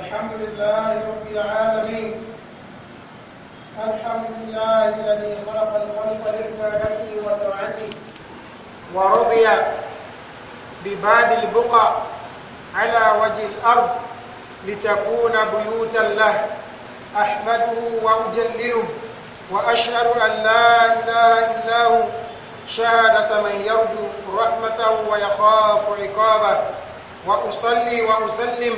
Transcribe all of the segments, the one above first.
الحمد لله رب العالمين الحمد لله الذي خلق الخلق لعبادته وطاعته ورضي بباد البقع على وجه الأرض لتكون بيوتا له أحمده وأجلله وأشهد أن لا إله إلا هو شهادة من يرجو رحمته ويخاف عقابه وأصلي وأسلم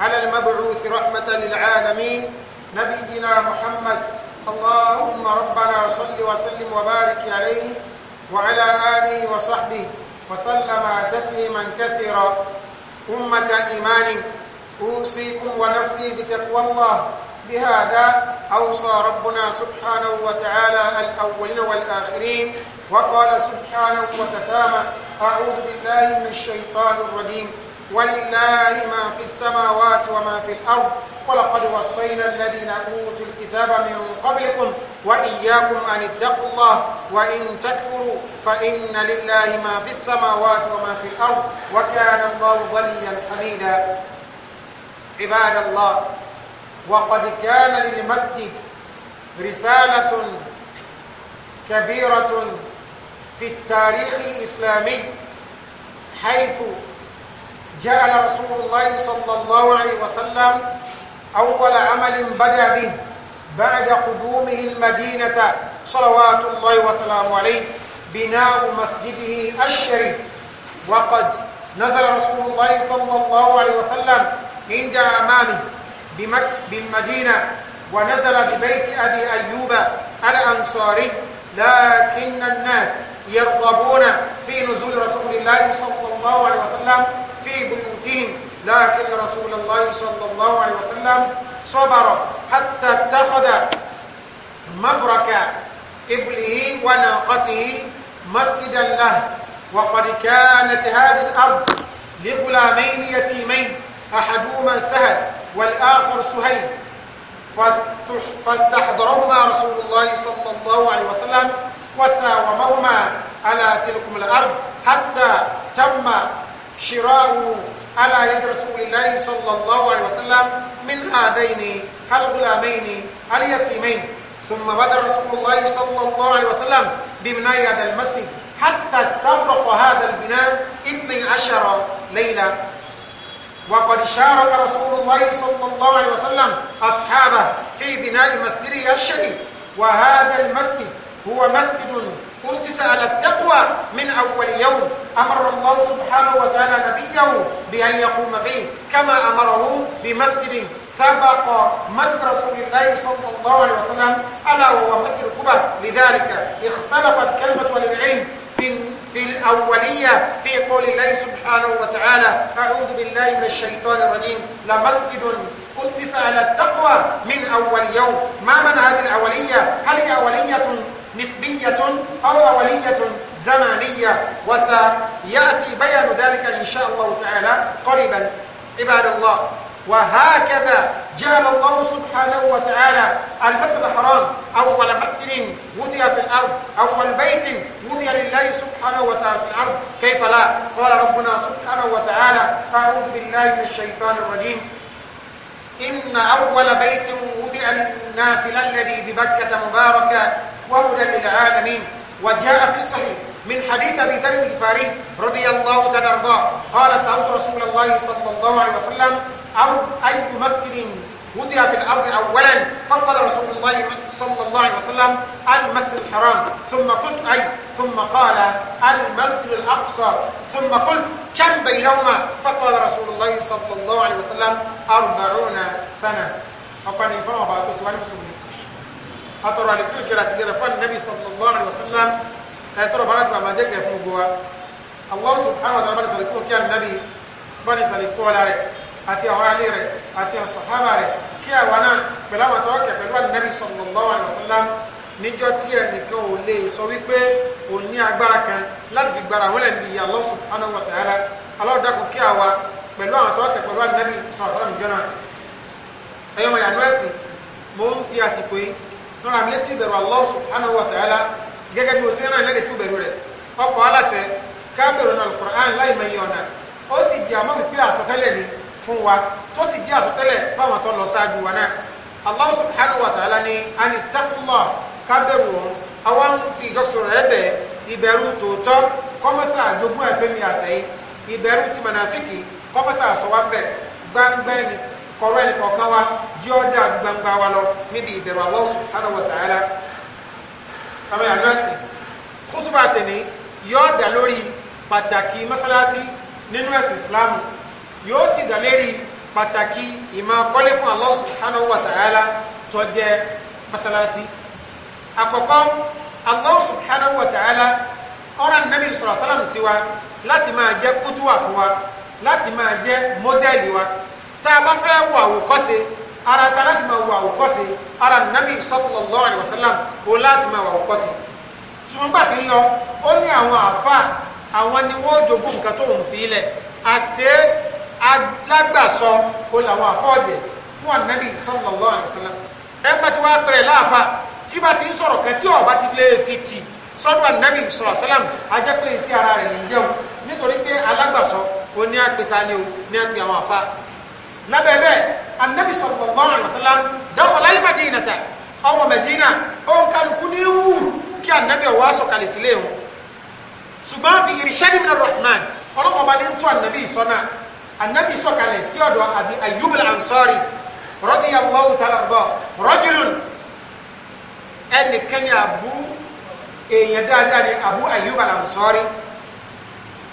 على المبعوث رحمة للعالمين نبينا محمد اللهم ربنا صل وسلم وبارك عليه وعلى آله وصحبه وسلم تسليما كثيرا أمة إيمان أوصيكم ونفسي بتقوى الله بهذا أوصى ربنا سبحانه وتعالى الأولين والآخرين وقال سبحانه وتسامى أعوذ بالله من الشيطان الرجيم ولله ما في السماوات وما في الأرض ولقد وصينا الذين أوتوا الكتاب من قبلكم وإياكم أن اتقوا الله وإن تكفروا فإن لله ما في السماوات وما في الأرض وكان الله غنيا حميدا عباد الله وقد كان للمسجد رسالة كبيرة في التاريخ الإسلامي حيث جعل رسول الله صلى الله عليه وسلم أول عمل بدأ به بعد قدومه المدينة صلوات الله وسلامه عليه بناء مسجده الشريف وقد نزل رسول الله صلى الله عليه وسلم عند أمامه بمك بالمدينة ونزل ببيت أبي أيوب الأنصاري لكن الناس يرغبون في نزول رسول الله صلى الله عليه وسلم الدين لكن رسول الله صلى الله عليه وسلم صبر حتى اتخذ مبرك إبله وناقته مسجدا له وقد كانت هذه الأرض لغلامين يتيمين أحدهما سهل والآخر سهيل فاستحضرهما رسول الله صلى الله عليه وسلم وساومهما على تلكم الأرض حتى تم شراء على يد رسول الله صلى الله عليه وسلم من هذين الغلامين اليتيمين ثم بدا رسول الله صلى الله عليه وسلم ببناء هذا المسجد حتى استغرق هذا البناء 12 ليله وقد شارك رسول الله صلى الله عليه وسلم أصحابه في بناء مسجده الشريف وهذا المسجد هو مسجد أسس على التقوى من أول يوم أمر الله سبحانه وتعالى نبيه بأن يقوم فيه كما أمره بمسجد سبق مسجد رسول الله صلى الله عليه وسلم ألا وهو مسجد قبى لذلك اختلفت كلمة العلم في في الأولية في قول الله سبحانه وتعالى أعوذ بالله من الشيطان الرجيم لمسجد أسس على التقوى من أول يوم ما من هذه الأولية هل هي أولية نسبية أو أولية زمانية وسيأتي بيان ذلك إن شاء الله تعالى قريبا عباد الله وهكذا جعل الله سبحانه وتعالى المسجد الحرام أول مسجد وضع في الأرض أول بيت وضع لله سبحانه وتعالى في الأرض كيف لا قال ربنا سبحانه وتعالى أعوذ بالله من الشيطان الرجيم إن أول بيت وضع للناس للذي ببكة مباركة وهدى للعالمين وجاء في الصحيح من حديث ابي ذر الغفاري رضي الله تعالى عنه قال سالت رسول الله صلى الله عليه وسلم او اي مسجد وضع في الارض اولا فقال رسول الله صلى الله عليه وسلم المسجد الحرام ثم قلت اي ثم قال المسجد الاقصى ثم قلت كم بينهما فقال رسول الله صلى الله عليه وسلم أربعون سنه وقال فرغ بعض سؤال مسلم atọrọ àlékún ìkẹrẹ àti gẹrẹ fún ànábì sallallahu alaihi wasallam ẹtọrọ bá láti màmá jẹgẹ fún gbogbo wa Allah subhanahu wa ta'ala bá ní sàlékún kí ànábì bá ní sàlékún ọlá rẹ̀ àti àwọn alẹ rẹ̀ àti àwọn sàhábà rẹ̀ kí àwa náà pẹ̀lú àwọn tó kẹ pẹ̀lú ànábì sallallahu alaihi wasallam níjọ́ tí ẹnìkan ò lè sọ wípé ò ní agbára kan láti fi gbára wọlé bí i Allah subhanahu wa ta'ala Allah dákun kí àwa pẹ̀lú àwọn tó kẹ pẹ̀lú ànábì sallallahu alaihi wasallam jọ náà ẹyọmọ yàrá ẹsìn mo fi àsìkò yìí rọra mi létí ìbẹ̀rù Allah subhanahu wa ta'ala gẹ́gẹ́ bí o ṣe rán ìlẹ́dẹ̀ tí ó bẹ̀rù rẹ̀ ọkọ̀ aláṣẹ kábẹ̀rù náà Al-Qur'an láì mẹyìn ọ̀nà ó sì jẹ́ àmọ́ pípé àsọtẹ́lẹ̀ ni fún wa tó sì jẹ́ àsọtẹ́lẹ̀ fáwọn tó lọ ṣáájú wa náà Allah subhanahu wa ta'ala ni anittaqullah kábẹ̀rù ọ̀hún àwa ń fi ìjọsìn rẹ̀ bẹ̀ ìbẹ̀rù tòótọ́ àjogún ẹ̀fẹ́ mi àtẹ̀yìn ìbẹ̀rù ti mọ̀nàfíkì kọ́mọ́sà kọ̀rọ̀ ẹnì kọ̀ọ̀kan wa jí ọ́ dà gbangba wa lọ níbi ìbẹ̀rù Allah subhanahu wa ta'ala àwọn ìyàrá sí kútùbà tẹ̀lé yóò dà lórí pàtàkì mọ́sálásí nínú ẹ̀sìn Islamu yóò sì dà lérí pàtàkì ìmọ̀ kọ́lé fún Allah subhanahu wa ta'ala tó jẹ́ mọ́sálásí àkọ́kọ́ Allah subhanahu wa ta'ala ọ̀rọ̀ nàbí sọ̀rọ̀ sálàmù sí wa láti máa jẹ́ kútùwà fún wa láti máa jẹ́ mọ́dẹ́lì wa tá a bá fẹ́ wo àwòkọ́ṣe ara ta láti máa wo àwòkọ́ṣe ara nàbì sallallahu alaihi wasallam o láti máa wo àwòkọ́ṣe ṣùgbọ́n gbà tí ń lọ ó ní àwọn àáfàá àwọn ni wọ́n jogún nǹkan tó ń fi ilẹ̀ àṣẹ alágbàsọ o làwọn àfọ́ọ̀dẹ̀ fún ànábì sallallahu alaihi wasallam ẹ bá ti wá pẹ̀rẹ̀ láàfa tí bá ti ń sọ̀rọ̀ kẹ́ tí ọ̀bá ti lè fi tì sọ́dọ̀ ànábì sallallahu alaihi pé iṣẹ́ ara rẹ̀ ní jẹun nítorí pé alágbàsọ o ní àpẹta ni o ní àpẹ àwọn àfa lábẹ́bẹ́ anabi sallallahu alaihi wasallam dakhala al-madinata ọwọ́ mẹ́dínà òun kálukú ní wù kí anabi ọwọ́ sọ̀kalẹ̀ sílé wọn ṣùgbọ́n bí irishadi min ar-rahman ọlọ́mọba ní tó anabi sọ́nà anabi sọ̀kalẹ̀ sí ọ̀dọ̀ àbí ayyub al-ansari radiyallahu ta'ala anhu rajulun ẹnìkan ní abu èèyàn dáadáa ní abu ayyub al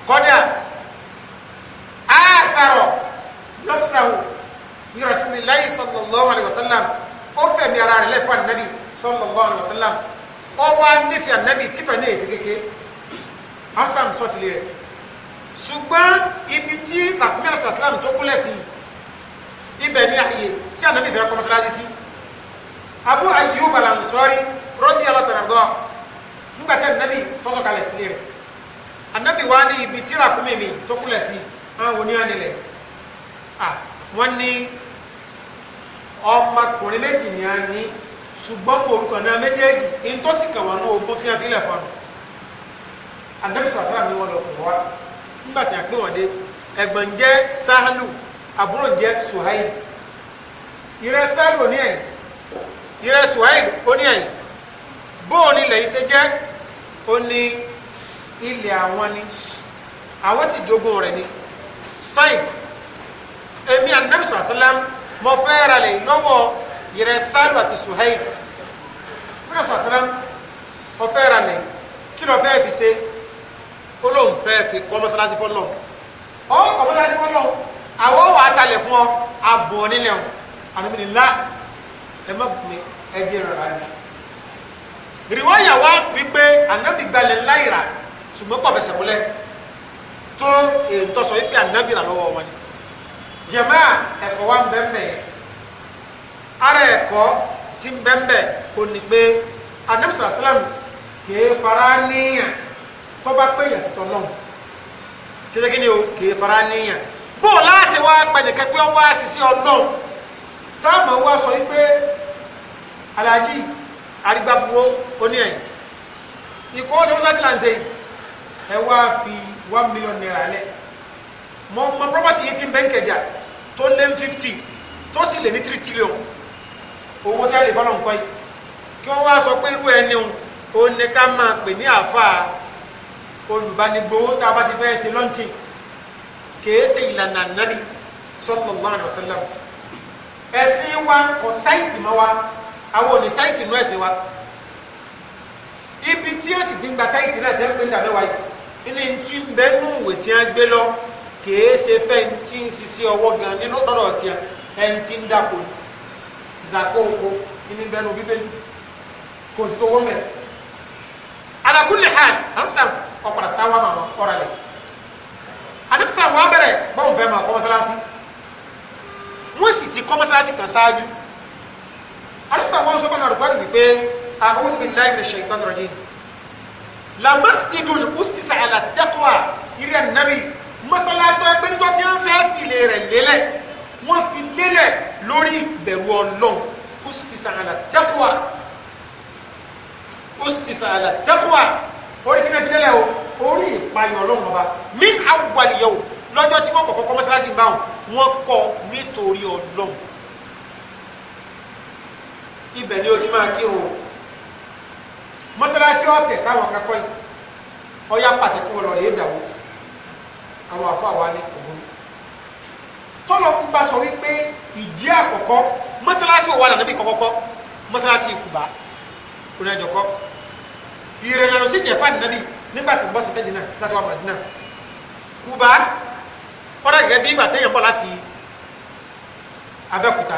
kọ́dà áàfàrọ̀ lọ́fíṣàwò ní rasulillahi sallallahu alayhi wa sallam ó fẹ̀mí ara rẹ̀ lẹ́fọ́ ànábì sallallahu alayhi wa sallam ó wá nífẹ̀ ànábì tífẹ̀ ní èsì kéke hasan sọ́sílẹ̀ rẹ̀ ṣùgbọ́n ibi tí àkúmẹ́rẹ̀ sàsílámù tó kúlẹ̀ sí ibẹ̀ ní àyè tí ànábì fẹ́ kọ́ mọ́sálásí sí abu ayyub al-ansari radiyallahu anhu nígbà tí ànábì tọ́sọ̀kalẹ̀ sílẹ̀ rẹ̀ ànábì wá ní ibi tí ràkúmẹ́mi tó kúlẹ̀ sí àwọn oníhànilẹ̀ wọ́n ní ọmọkùnrin méjì ni a ní ṣùgbọ́n orúkọ náà méjèèjì in tó sì kàn wọ́n ní ogún tí a fi lẹ̀ fún un anabi sàṣàrà ni wọ́n lọ pọ̀ wá nígbà tí a pín wọn dé ẹ̀gbọ́n jẹ́ sahlu àbúrò jẹ́ suhaib ìrẹ́ sahlu oní ẹ̀yìn ìrẹ́ suhaib oní ẹ̀yìn bóun ilẹ̀ yìí ṣe jẹ́ ó ní ilẹ̀ àwọn ni àwọn sì jogún rẹ̀ ni tọ́yìn èmi ànábì sàlám mo fẹ́ ra lè lọ́wọ́ yẹrẹ sáàlù àti suhaib ànábì sàlám mo fẹ́ ra lè kí ló fẹ́ fi ṣe olóhùn fẹ́ fi kọ́ mọ́sálásí fọ́lọ́ ọ kọ́ mọ́sálásí fọ́lọ́ àwọn wà á talẹ̀ fún ọ abọ̀ nílẹ̀ ọ ànábì ní là ẹ má bùn mi ẹ jẹ́ ìrọ̀lá ni rìwáyà wa wípé ànábì gbalẹ̀ láìra ṣùgbọ́n pọ̀ fẹsẹ̀ múlẹ̀ tó èyí sọ wípé ànábì rà lọ́wọ́ wọn ni jamaa ẹ̀kọ́ wa ń bẹ mbẹ ara ẹ̀kọ́ ti ń bẹ anamsa salam kèé fara níyàn tọ́ba pé yẹn sítọ́ náà kékeré ni o kèé fara níyàn bó o láàṣẹ wá pẹ̀lẹ́kẹ́ sisi ọlọ́run táwọn wá sọ yìí pé aláàjì arígbàbuwó oníyàn ikọ́ ọjọ́ mọ́sáàsì là ń ṣe ẹ fi one million naira lẹ́ẹ̀ mọ mọ property yìí ti ń bẹ́ ń kẹjà tó lé ní fifty tó sì lè ní three trillion owó tá a lè fọlọ́ nǹkan yìí kí wọ́n wá sọ pé irú ẹni o ní ká máa pè ní àáfàá olùbánigbówó tá a bá ti fẹ́ ṣe lọ́ńtì kìí ṣe ìlànà nàbì sallallahu alaihi wasallam ẹ̀sìn wa kò táìtì mọ́ wa àwọn òní táìtì nú ẹ̀sìn wa ibi tí ó sì ti ń gba táìtì náà ti ń pè ní yìí ní ti ìwé tí wọ́n gbé lọ kèé ṣe fẹ́ ń tí ń sisi ọwọ́ gan nínú lọ́dọ̀ tí ẹ ń tí ń dàpọ̀ zàkó oko ní bẹnu bíbélì kò sí owó mẹ́ ala kulli hal ansan ọ̀pọ̀lọ̀ sáwà máa ọ̀rọ̀ rẹ̀ ansan wà bẹ̀rẹ̀ bọ́n fẹ́ máa kọ́ mọ́sálásí wọ́n sì ti kọ́ mọ́sálásí kan ṣáájú ansan wọ́n sọ fún ọ̀rọ̀ wípé a'udhu billahi minash shaitanir rajim la masjidun usisa ala taqwa ira nabi mọ́sálásí tó ẹgbẹ́ níjọ́ tí wọ́n fẹ́ fìlè rẹ̀ lélẹ̀ wọ́n fi lélẹ̀ lórí ìbẹ̀rù ọlọ́run ó sì sàlà tẹ́kùwà ó sì sàlà tẹ́kùwà orí kí náà fi lélẹ̀ o orí ìpayọ̀ ọlọ́run ọba mí àwàlìyẹ o lọ́jọ́ tí wọ́n kọ́kọ́ kọ́ mọ́sálásí bá wọn wọ́n kọ́ nítorí ọlọ́run ibẹ̀ ni o ti máa kírun o mọ́sálásí ọ̀tẹ̀ táwọn akẹ́kọ̀ọ́ yìí ọ̀yá pàṣẹ kó lọ rèé àwọn àfọ àwa ní òun tọ́lọ̀ ń bá sọ wípé ìjì àkọ́kọ́ mọ́sálásí òwò ànàbí kọ́kọ́kọ́ mọ́sálásí ìkùbá onídàájọ́kọ́ ìrìnà lọ sí jẹ̀fà nàbí nígbà tí ń bọ́ sí Mẹ́dínà láti wà Mẹ́dínà kùbá ọ̀dà gẹ́gẹ́ bí ìgbà téèyàn bọ̀ láti Abẹ́òkúta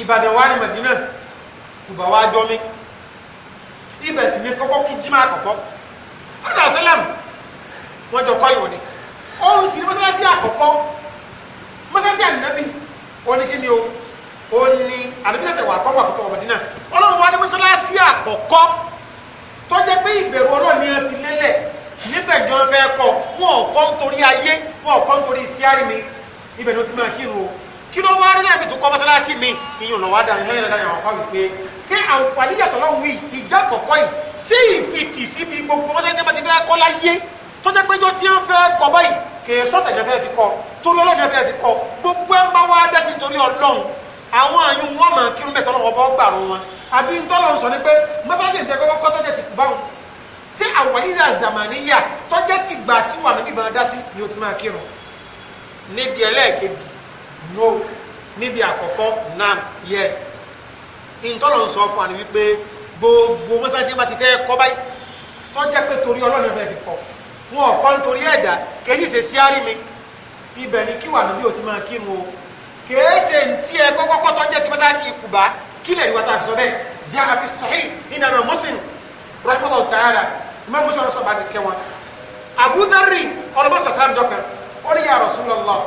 Ìbàdàn wà ní Mẹ́dínà kùbá wà jọ́mí ibẹ̀ sì ni kọ́kọ́ kí jimá àkọ́kọ́ ọ̀sán sẹ́lẹ̀mù wọ́n jọ kọ́ ìwò ni òun sì ní mọ́sálásí àkọ́kọ́ mọ́sálásí ànábì oníkíni o ó ní ànábìsẹ̀sẹ̀ wà kọ́mọ àkọ́kọ́ ọ̀mọ̀dínà ọlọ́run wá ní mọ́sálásí àkọ́kọ́ tó jẹ́ pé ìbẹ̀rù ọlọ́run ni wọ́n fi lélẹ̀ níbẹ̀ jọ fẹ́ kọ wọn ò kọ́ nítorí ayé wọn ò kọ́ nítorí síárì mi ibẹ̀ ló ti máa kírun o kí ló wá rí láti tó kọ́ mọ́sálásí mi ìyẹn lọ́wọ́ dáhùn ìyẹn lọ́wọ́ dáhùn àwọn fáwọn pé ṣé àwòpàlíyàtọ̀ lọ́hùn-ún ìjà kọ̀ọ̀kọ́ yìí ṣé ìfitì síbi gbogbo mọ́sálásí tó jẹ́ péjọ tí wọ́n fẹ́ kọ báyìí kèé sọ́tẹ̀ ní fẹ́ fi kọ torí ọlọ́run ní fẹ́ fi kọ gbogbo ẹ̀ ń bá wá dẹ́sí torí ọlọ́run àwọn àyùn wọn máa kírun bẹ́ẹ̀ tọ́lọ́wọ́ bọ́ gbàrú wọn àbí ń tọ́lọ́run sọ ni pé mọ́sáàsì ń tẹ́kọ́ kọ́ tọ́jẹ́ ti bá wọn ṣé àwàlíyà zàmàníyà tọ́jẹ́ ti gbà tí wà níbi máa dá sí ni o ti máa kírun níbi ẹlẹ́ẹ̀kejì no níbi àkọ́kọ́ nam yes ìtọ́lọ́run sọ fún wa ni wípé gbogbo mọ́sáàsì bá ti fẹ́ kọ́ báyìí tọ́jẹ́ pé torí ọlọ́run ní fẹ́ fi kọ́ wọn ò kọ́ nítorí ẹ̀dá kèsì ṣe síárì mi ibẹ̀ ni kí wà lóbi òtí máa kí mu o kèése ntí ẹ kọ́kọ́kọ́ tó jẹ́ ti mọ́sáàsì ìkùbá kí lè rí wata àfisọ bẹ́ẹ̀ jẹ́ àfi sahih nínú àwọn Muslim rahimahullahu ta'ala ìmọ̀ mùsùlùmí sọ bá kẹ wọn. Abu ọlọmọ sàsàrán dọ́kan ó ní ya Rasulullah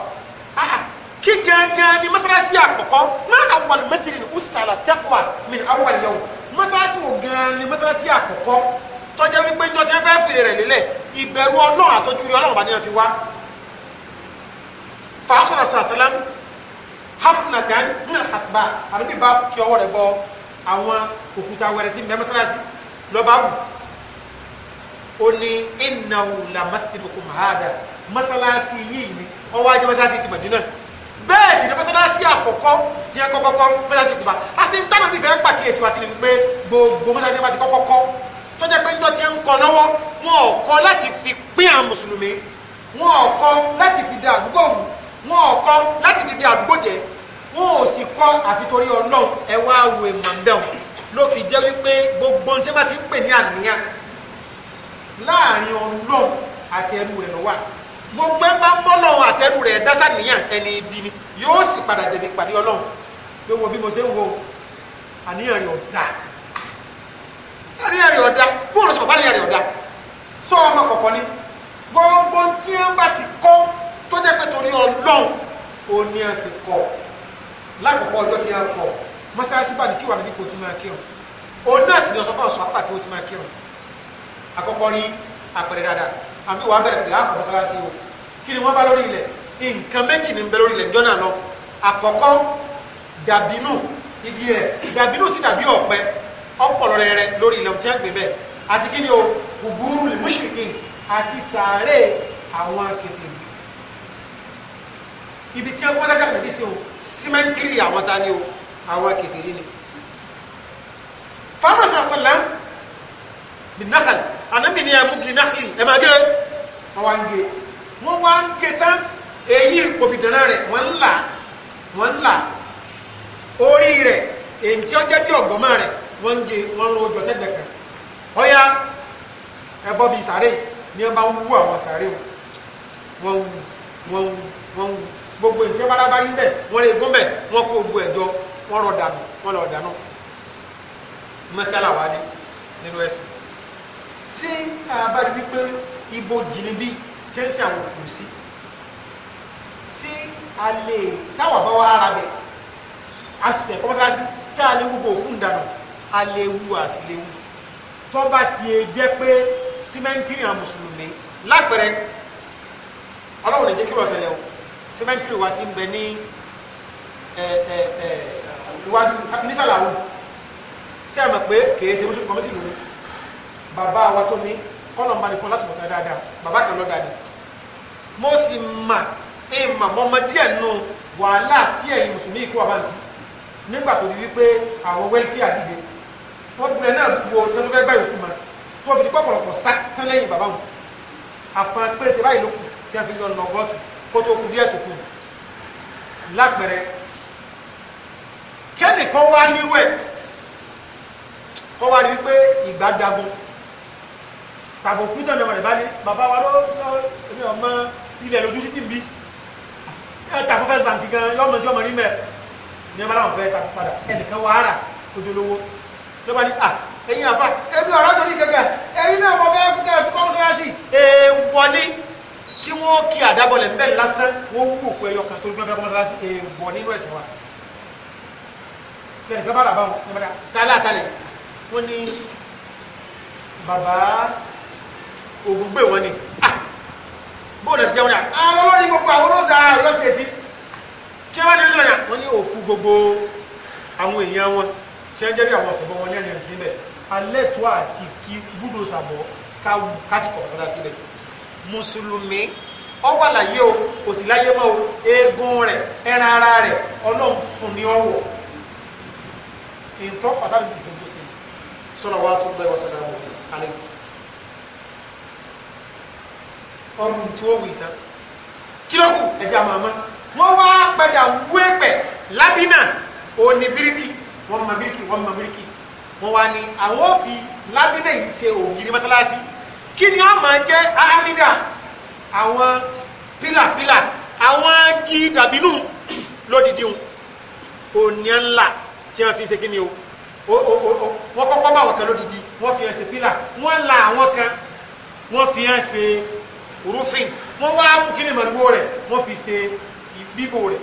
kí gángan ni mọ́sáàsì àkọ́kọ́ má awwal masjidin ussala taqwa min awwal yawm tọ́jẹ́ wípé njọ́ tí wọ́n fẹ́ fìrè rẹ̀ lélẹ̀ ìbẹ̀rù ọlọ́run àtọ́jú rí ọlọ́run bá ní wọn fi wá fàákọ̀rọ̀ sàṣẹlẹ̀ hafnatan ní àṣìbá àbí bá kí ọwọ́ rẹ̀ bọ àwọn òkúta wẹrẹ tí mẹ́ mọ́sálásí lọ́ba wù ó ní ìnáwó la masjidukum hada mọ́sálásí yìí ni ọwọ́ ajé mọ́sálásí ti Mádínà bẹ́ẹ̀ sì ni mọ́sálásí àkọ́kọ́ tí ẹ kọ́kọ́ kọ́ mọ́sálásí Kúbà a sì ń tánà bí fẹ́ pàkíyèsí wa sí ni pé gbogbo mọ́sálásí bá ti kọ́kọ́ kọ́ tọ́jà pé njọ́ ti ń kọ́ lọ́wọ́ wọn ò kọ́ láti fi pín àwọn mùsùlùmí wọn ò kọ́ láti fi da àdúgbò wù wọn ò kọ́ láti fi da àdúgbò jẹ wọn ò sì kọ́ àfitorí ọlọ́run ẹ wá wo ìmọ̀ǹdẹ̀hùn ló fi jẹ́ wípé gbogbo ohun tí wọ́n ti ń pè ní àníyàn láàrin ọlọ́run àti ẹrú rẹ̀ lọ́wọ́ gbogbo ẹ bá ń bọ́ lọ́run àtẹrú rẹ̀ dásà níyàn ẹni ibi ni yóò sì padà jẹ̀bi pàdé ọlọ́run pé wo bí mo ṣe ń wo àníyàn rẹ̀ ọ̀dà àríyá rẹ̀ ọ̀dá bóòlù sọ̀rọ̀ bá àríyá rẹ̀ ọ̀dá sọ ọmọ kọ̀ọ̀kan ni gbogbo tí wọ́n bá ti kọ́ tó jẹ́ pé torí ọlọ́run ò ní ẹ fi kọ́ lákòókò ọjọ́ tí wọ́n kọ́ mọ́sálásí bá ní kí wà níbi kò tí máa kírun òun náà sì ni ọ̀sán fún ọ̀sán apá kí ó ti máa kírun àkọ́kọ́ rí àpẹẹrẹ dáadáa àbí wàá bẹ̀rẹ̀ pẹ̀lú àpò mọ́sálásí o kí ni wọ́n bá lórí ilẹ̀ nǹkan méjì ní bẹ lórí ilẹ̀ jọ́nà lọ àkọ́kọ́ dàbínú igi rẹ̀ dàbínú sì dàbí ọ̀pẹ ọpọlọ rẹ lórí ilẹ̀ tí wọ́n gbé bẹ́ẹ̀ àti kí ni o kùbúrú lè mushrikin àti sàárè àwọn akẹ́kẹ́ ibi tí wọ́n sẹ́sẹ́ àgbẹ̀bí sí o símẹ́ńtìrì àwọn ta ni o àwọn akẹ́kẹ́ ni fáwọn sọ̀rọ̀ sọ̀lá bí náxàlì ànábì ni ẹ̀mú gi náxàlì ẹ̀ máa gé wọ́n wá ń gé wọ́n wá ń gé tán èyí òbìdánná rẹ̀ wọ́n ń là wọ́n ń là orí rẹ̀ èyí tí wọ́n jẹ́ bí ọ̀gọ́mọ́ rẹ̀ wọ́n ń gé wọ́n lọ jọ sẹ́gbẹ̀ kan ọ̀yá ẹbọ bíi sàárè ni wọ́n bá ń wú àwọn sàárè wọn wù wọ́n wù wọ́n wù gbogbo ìtẹ́ bárábá rí bẹ́ẹ̀ wọ́n lè gómẹ̀ wọ́n kó gbogbo ẹ̀jọ́ wọ́n lọ dànù wọ́n lọ dànù mẹ́sàlá wa ni nínú ẹ̀sìn ṣé àbárí wípé ibo jìnnìbí jẹ́ ń ṣe òkú sí sí alẹ́ táwọn bá ara bẹ̀ àṣìfẹ́ kọ́mọ́sára sí alẹ́ gbogbo òkú ń dànù aléwu àsìléwu tó bá ti jẹ́ pé símẹ́ntìrì àwọn mùsùlùmí lápẹ̀rẹ̀ ọlọ́run ìjẹ́ kí wọ́n ṣẹlẹ̀ o símẹ́ntìrì wa ti ń bẹ ní nísàlàwù sí àmọ̀ pé kìí ṣe mùsùlùmí kọ́mítì lòun bàbá wa tó ní kọ́lọ̀ ń bá ní fún láti mọ̀tàn dáadáa bàbá kan lọ́ọ́ dáadáa mo sì mà ìmọ̀ mọ́mọ́ díẹ̀ nù wàhálà tí ẹ̀yin mùsùlùmí kó wa bá ń sí nígbà tó di wípé àwọn wẹ́lfíà dìde tọdún ẹ náà wo tẹnu fẹ gbá yòókù ma tó fi di pọpọlọpọ sá tán lẹ́yìn bàbá wọn àfọn péréte báyìí ló kù tí a fi yọ ọ̀nà bọ́ọ̀tù kó tó kù díẹ̀ tó kù lápẹrẹ kẹ́nìkan wá níwẹ̀ kọ́ wá rí i pé ìgbà dago tàbùkù náà lọ́wọ́ rẹ̀ bá ní bàbá wa ló ní ọmọ ilẹ̀ lójú títì bí ẹ ta fún first bank gan yọmọ tí ọmọ rí mẹ ní ẹ bá láwọn fẹ́ ta padà ẹnìkan wàhálà ojúlówó ló bá ní à ẹ̀yin àfà ẹbí ọ̀rọ̀ torí gẹ́gẹ́ ẹ̀yin náà mọ̀ bẹ́ẹ̀ fúnkẹ́ fún kọ́mọ́sálásì èèwọ̀ ni kí wọ́n kí àdábọ̀lẹ̀ bẹ́ẹ̀ lásán wọ́n wú òkú ẹyọ kan torí gbẹ́fẹ́ kọ́mọ́sálásì èèwọ̀ nínú ẹ̀sìn wa bẹ́ẹ̀ ni bẹ́ẹ̀ bá rà bá wọn nígbàdá tálẹ̀ àtàlẹ̀ wọ́n ní bàbá ògùngbè wọn ni bóòdù ẹ̀sìn jẹun náà àwọn olórí gbogbo àwọn olóòsà lọ́sìkẹ̀tì kí wọ́n ní sọ̀rọ̀ wọn ní òkú gbogbo àwọn èèyàn wọn tí wọ́n jẹ́ bí àwọn ọ̀fọ̀bọ̀ wọn lẹ́nu síbẹ̀ alẹ́tọ́ àti kí búdò sàbọ̀ kásìkò sọ́dá síbẹ̀ mùsùlùmí ọwọ́ àlàyé o kò sí láyé mọ́ o eegun rẹ̀ ẹran ara rẹ̀ ọlọ́run fún ní ọwọ́ ìtọ́ pàtàkì kìí sèǹtò sí sọ́nà wa tó lọ́wọ́ sọ́dá wọn fún alẹ́ ọrùn tí ó wù ìtàn kí ló kù ẹ̀jẹ̀ àmọ́ wá padà wú ẹ̀pẹ̀ lábínà òní wọ́n mọ bíríkì wọ́n mọ bíríkì wọ́n wá ní àwọn òfin lábínà yìí ṣe ògiri mọ́sálásí kí ni wọ́n máa jẹ́ ahamida àwọn pílàpílà àwọn agi dàbínú lódìdí wọn ònìyàn ńlá tí wọ́n fi ṣe kí ni o o o wọ́n kọ́kọ́ bá àwọn kan lódìdí wọ́n fi hàn ṣe pílà wọ́n la àwọn kan wọ́n fi hàn ṣe rúfin wọ́n wá mú kí ni màdúgbò rẹ̀ wọ́n fi ṣe bíbò rẹ̀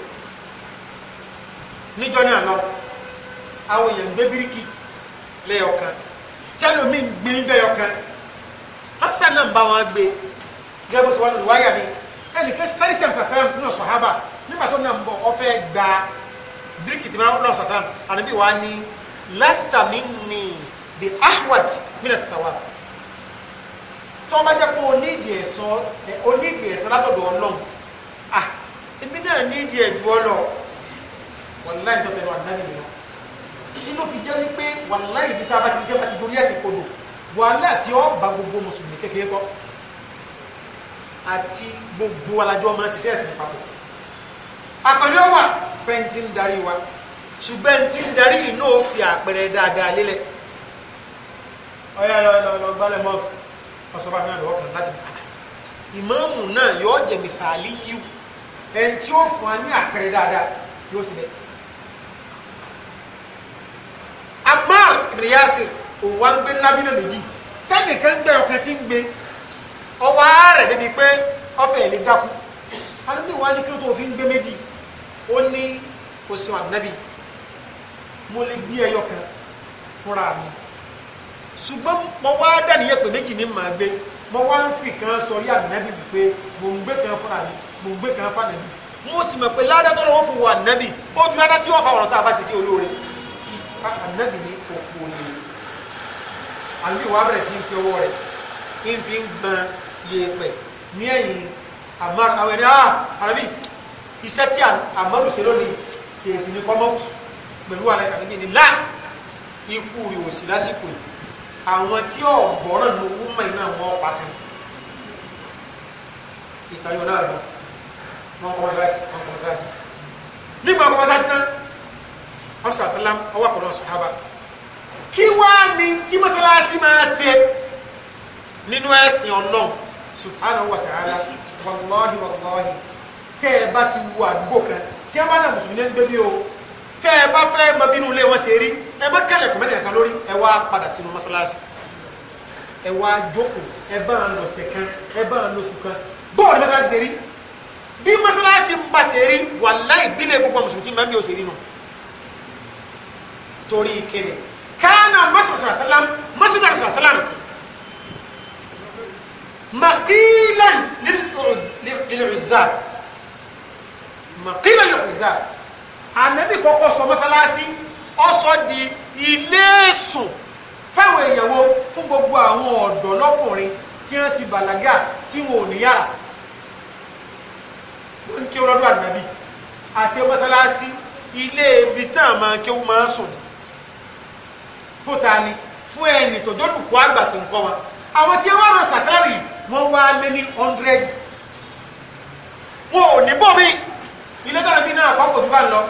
níjọ́ náà lọ àwọn èèyàn gbé bíríkì lẹ́yọ̀kan tẹ́lómi ń gbé lẹ́yọ̀kan lọ́sẹ̀ náà ń bá wọn gbé gẹ́gẹ́ bó ṣe wọ́n lù wáyà ni ẹnìkan sáré sẹ́mi sàṣàrà nínú sọ̀hábà nígbà tó náà ń bọ̀ ọ̀fẹ́ gba bíríkì tí wọ́n lọ sàṣàrà ànábì wa ni lásìtà mi ni the ahwad mina tàwa tí wọ́n bá jẹ́ pé onídìí ẹ̀sán onídìí ẹ̀sán látọ̀dọ̀ ọlọ́run ah ebi náà nídìí ẹ̀dùn ọlọ́ wọ́n láì tọ́tẹ̀ lọ àdáni lọ tí ló fi jẹ́ wípé wàhálà ìbí tá a bá ti jẹ́ bá ti dorí ẹ̀sìn kodò wàhálà tí ó ba gbogbo mùsùlùmí kékeré kọ́ àti gbogbo alájọ́ máa ṣiṣẹ́ ẹ̀sìn papọ̀ àpẹẹrẹ wà fẹ́ntì ń darí wa ṣùgbọ́n tí ń darí yìí náà fi àpẹẹrẹ dáadáa lélẹ̀ ọ̀yà lọ́gbàlẹ̀ mọ́ọ̀sì ọ̀sọ́ba fẹ́ràn lọ́wọ́ kan láti ìmáàmù náà yóò jẹ̀mí fàálí yíw ẹni ó fún wa ní àpẹẹrẹ dáadáa yóò sì bẹ́ẹ̀. ibn Yasir òun wá ń gbé lábínà méjì tẹ́nìkan gbẹ ọkàn tí ń gbé ọwọ́ ààrẹ débi pé ọfẹ́ lè dákú alóbì wá ní kí ló tó fi ń gbé méjì ó ní oṣù ànábì mo lè gbé ẹyọ kan fúnra mi ṣùgbọ́n mo wá dàníyẹ pé méjì ní màá gbé mo wá ń fi kan sọrí ànábì wípé mo ń gbé kan fúnra mi mo ń gbé kan fànábì mo sì mọ̀ pé ládàá tó lọ́wọ́ fún wa ànábì ó ju ládàá tí wọ́n fa ọ̀rọ̀ tá a bá ṣe sí olóore anabi ní òpó ni àbí wàá bẹ̀rẹ̀ sí fi ọwọ́ rẹ̀ ń fi ń gbọn yẹ̀pẹ̀ ní ẹ̀yìn àmàrù àwọn ẹni ah àrẹ́bí iṣẹ́ amaru àmàrù ṣe lónìí ṣèṣì ní kọ́mọ́ pẹ̀lú àrẹ àbíbí ni láà ikú rẹ̀ ò sí lásìkò yìí àwọn tí ọ̀gbọ́ràn ló wú mọ̀ iná wọn pàtó ìtayọ̀ náà lọ wọn kọ́ mọ́sáàsì wọn kọ́ mọ́sáàsì nígbà kọ́ mọ́sáàsì náà ọ̀sán sálám ọwọ́ àkọ́nà sọ̀hábà kí wàá ní tí mọ́sálásí máa ṣe nínú ẹ̀sìn ọlọ́run subhanahu wa ta'ala wàlọ́ọ̀hì wàlọ́ọ̀hì tẹ́ ẹ bá ti wo àdúgbò kan tí ẹ bá náà mùsùlùmí ń gbé bí o tẹ́ ẹ bá fẹ́ mọ bínú ilé wọn ṣe rí ẹ má kẹ́lẹ̀ kọ́ mẹ́rin kan lórí ẹ wá padà sínú mọ́sálásí ẹ wá jókòó ẹ bá ń lọ ṣẹ̀ kan ẹ bá ń lọ oṣù kan bọ́ọ̀lù mọ́sálásí ṣe rí bí mọ́sálásí ń bá ṣe rí wàláì bílẹ̀ gbogbo mùsùlùmí ti máa ń bí o ṣe rí náà torí kíni kánà mọ́sàlásàlám mọ́sàlásàlám makilan lil'uzza makilan lil'uzza anabi kọ́kọ́ sọ mọ́sálásí ọsọ di ilé sùn fáwọn èèyàn wo fún gbogbo àwọn ọ̀dọ́ lọ́kùnrin tí wọ́n ti bàlágà tí wọn ò níyàrá ń kí ọlọ́dún àdàbí àṣẹ mọ́sálásí ilé ibi tán máa kéwú máa sùn fún ta ni fún ẹni tó dólùkọ́ àgbà tó ń kọ́ wa àwọn tí wọ́n rán sàsárì wọ́n wá lé ní hundred wọn ò ní bọ́mí ilé tó nàbí náà kọ́ kò bá ń lọ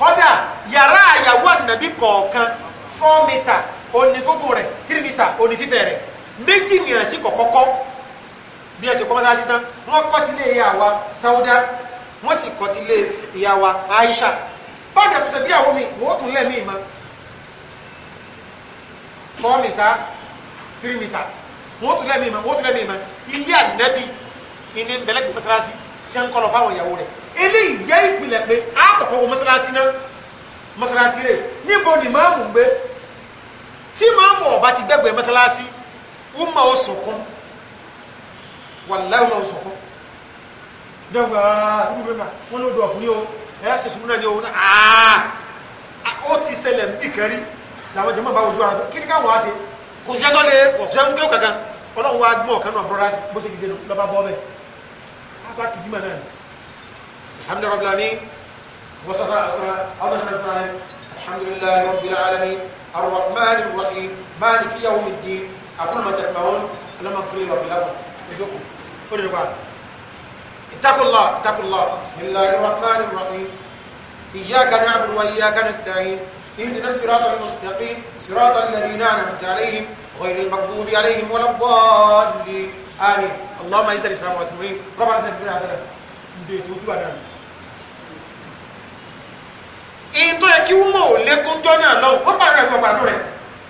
kọ́dà yàrá àyàwó ànàbí kọ̀ọ̀kan four mita òní gbogbo rẹ̀ three mita òní fífẹ̀ rẹ̀ méjì mìíràn sí kọ̀kọ́kọ́ bí ẹ sì kọ́ mọ́sáàsì tán wọ́n kọ́ tilé ìyá wa Sauda wọ́n sì kọ́ tilé ìyá wa Aisha bọ́ọ̀dà tó ṣe bí àwọn mi wọ́n tún lẹ́mìí mọ́ four meter three meter wọ́n tún lẹ́mìí ma wọ́n tún lẹ́mìí ma ilé ànábì ìní bẹ̀lẹ́gbẹ̀ mọ́sálásí jẹ́ ń kọ́lọ̀ fáwọn ìyàwó rẹ̀ eléyìí jẹ́ ìpìlẹ̀ pé àkọ́kọ́ wo mọ́sálásí náà mọ́sálásí rẹ̀ níbo ni máàmù ń gbé tí máàmù ọ̀bá ti gbẹ́gbẹ́ mọ́sálásí ó ma ó sọ̀kún wàláhì ó ma ó sọ̀kún dọ́gba rúbẹ̀ náà wọ́n ló dọ̀ ọ̀kùnrin o ẹ̀ ṣe sùn náà ni òun náà ó ti ṣẹlẹ̀ ń bì làwọn jẹ́mọ̀ bá wojú ara kí ni káwọn wá sí kò sí ẹjọ́ lé ọ̀sẹ̀ ń kéwò kankan ọlọ́run wá gbọ́n ọ̀kan náà bọ́ra sí bó ṣe dìde lọ́ba bọ́ bẹ́ẹ̀ ásá kìdímà náà ni alhamdulilayi rabbil alamin wọ́n sọ́sọ́ àṣírà ọdún ṣẹlẹ̀ ṣẹlẹ̀ alhamdulilayi rabbil alamin arrahman arrahim maliki yawmiddin aqulu ma tasma'un alama fili اهدنا الصراط المستقيم صراط الذين انعمت عليهم غير المغضوب عليهم ولا الضالين امين اللهم اعز الاسلام والمسلمين ربنا تثبت حسنا ǹjẹ́ èso ojú àná mi. ìyìn tó yẹ kí wọ́n mọ̀ ò lékún jọ́ náà lọ́wọ́ wọ́n pàrọ̀ ẹ̀fọ́ pàrọ̀ rẹ̀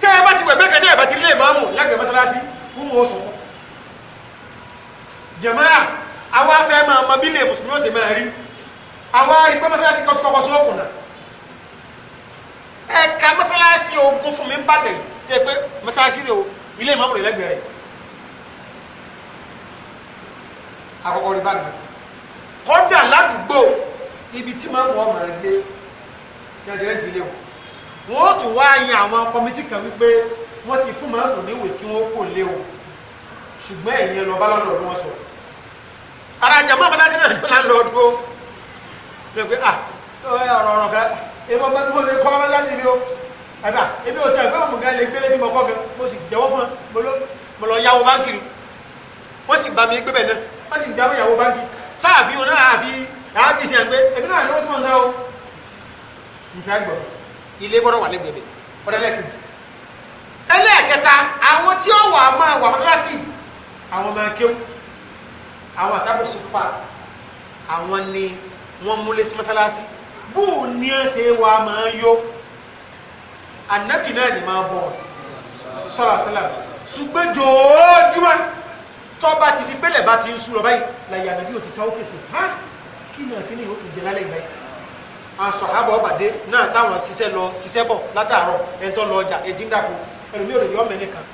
tẹ́ ẹ bá ti wẹ̀ bẹ́ẹ̀ kẹjẹ́ ẹ̀ bá ti lé ìmáàmù lẹ́gbẹ̀ẹ́ mọ́sálásí wọ́n mọ̀ ó sùn mọ́. jàmáà àwa fẹ́ máa mọ bí ilé mùsùlùmí ó sì máa rí àwa rí pé mọ́sálásí kan tó kọ́kọ́ sọ́ọ̀kùnà ẹ ka mọ́sálásí ogun fún mi ń bàdàn tẹ pé mọ́sálásí rẹ o ilé ìmọ̀ rẹ lẹ́gbẹ̀ẹ́ rẹ àkọ́kọ́ rí bàdàn kọ́dà ládùúgbò ibi tí máa ń wọ́n máa gbé jẹjẹrẹ ti lé wọn wọn ó tún wáá yan àwọn kọmitì kan wípé wọ́n ti fún màmú níwèé kí wọ́n kò lé wọn ṣùgbọ́n ẹ̀yin lọ bá lọ́dọ̀ ọdún wọn sọ̀rọ̀ ara jàmọ́ mọ́sálásí náà ń pè láńlọ́ọ̀dúró lè pé à ọ̀rọ̀ ọ̀rọ̀ kan èèmọ̀ bá mo ṣe kọ́ ọmọ láti ibi o àgbà ebi ò tí àgbà òmù gan lè gbélé tí mo kọ́ gan mo sì jẹ́wọ́ fún un mo lọ yàwó báńkì rí wọ́n sì bá mi gbé bẹ̀ náà wọ́n sì jáwé yàwó báńkì sáàfin òun náà àfi àábì sí àgbẹ̀ ẹ̀mí náà lọ́wọ́ tí wọ́n ń sá o ìta gbọ̀dọ̀ ilé gbọ́dọ̀ wà lẹ́gbẹ̀ẹ́ ọ̀dọ̀ lẹ́kẹ̀jì ẹlẹ́ẹ̀kẹta àwọn tí ó wà máa wà mọ́sálásì àwọn máa kéwù àwọn àsábòsùfà àwọn ni wọ́n múlé sí mọ́sálásì bó o ní ẹ ṣe wá máa yó ànábì náà ni máa bọ̀ sọ́ra sọ́la ṣùgbọ́n jòójúmọ́ tọ́ba ti di pẹ́lẹ̀ bá ti ń sú lọ báyìí làyà ànábì ò ti ká òkè tó hàn kí náà kí ni yóò tún jẹ lálẹ́ ìgbà yìí aṣọ àbọ̀ ọ̀bàdé náà táwọn ṣiṣẹ́ lọ ṣiṣẹ́ bọ̀ látàárọ̀ ẹni tó lọ ọjà ẹjí ń dàpọ̀ ẹlòmí ò lè yọ mẹ́rin kan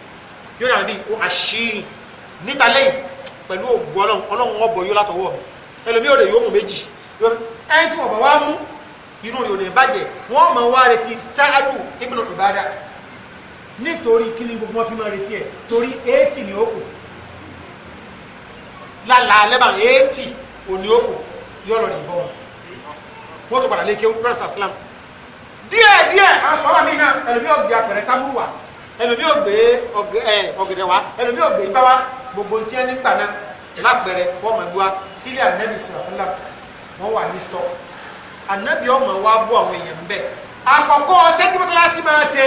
yóò rà bí o àṣìí níta lẹ́yìn pẹ̀lú ògùn ọlọ́run ọlọ́run yóò látọwọ́ ẹlòmí ò lè yọ ohun méjì ẹni tí wọ́n bá wá mú inú rẹ̀ ò ní bàjẹ́ wọ́n mọ̀ wá retí sáájú ibùdó ìbádà nítorí kí ni gbogbo wọn fi máa retí ẹ̀ torí eighty ni ó kù lálàá lẹ́bàá eighty ò ní ó kù yóò lọ nìbọn wọ́n tó padà lé kí wọ́n sà sílámù díẹ̀ díẹ̀ aṣọ àmì náà ẹlòmí ò gbé apẹ̀rẹ̀ tábúrú wa ẹlòmí ò gbé ọ̀gẹ̀dẹ̀ wa ẹlòmí ò gbé igbá wa gbogbo ntí ẹni gbà náà lápẹ̀rẹ̀ wọ́n mọ̀ gbé wa sílẹ̀ àdínẹ́bí sọ̀rọ̀ fúnlá wọ́n wà ní stọ́ọ̀ ànábì ọmọ wa bú àwọn èèyàn ń bẹ̀ àkọ́kọ́ ọsẹ tí mọ́sálásí máa ṣe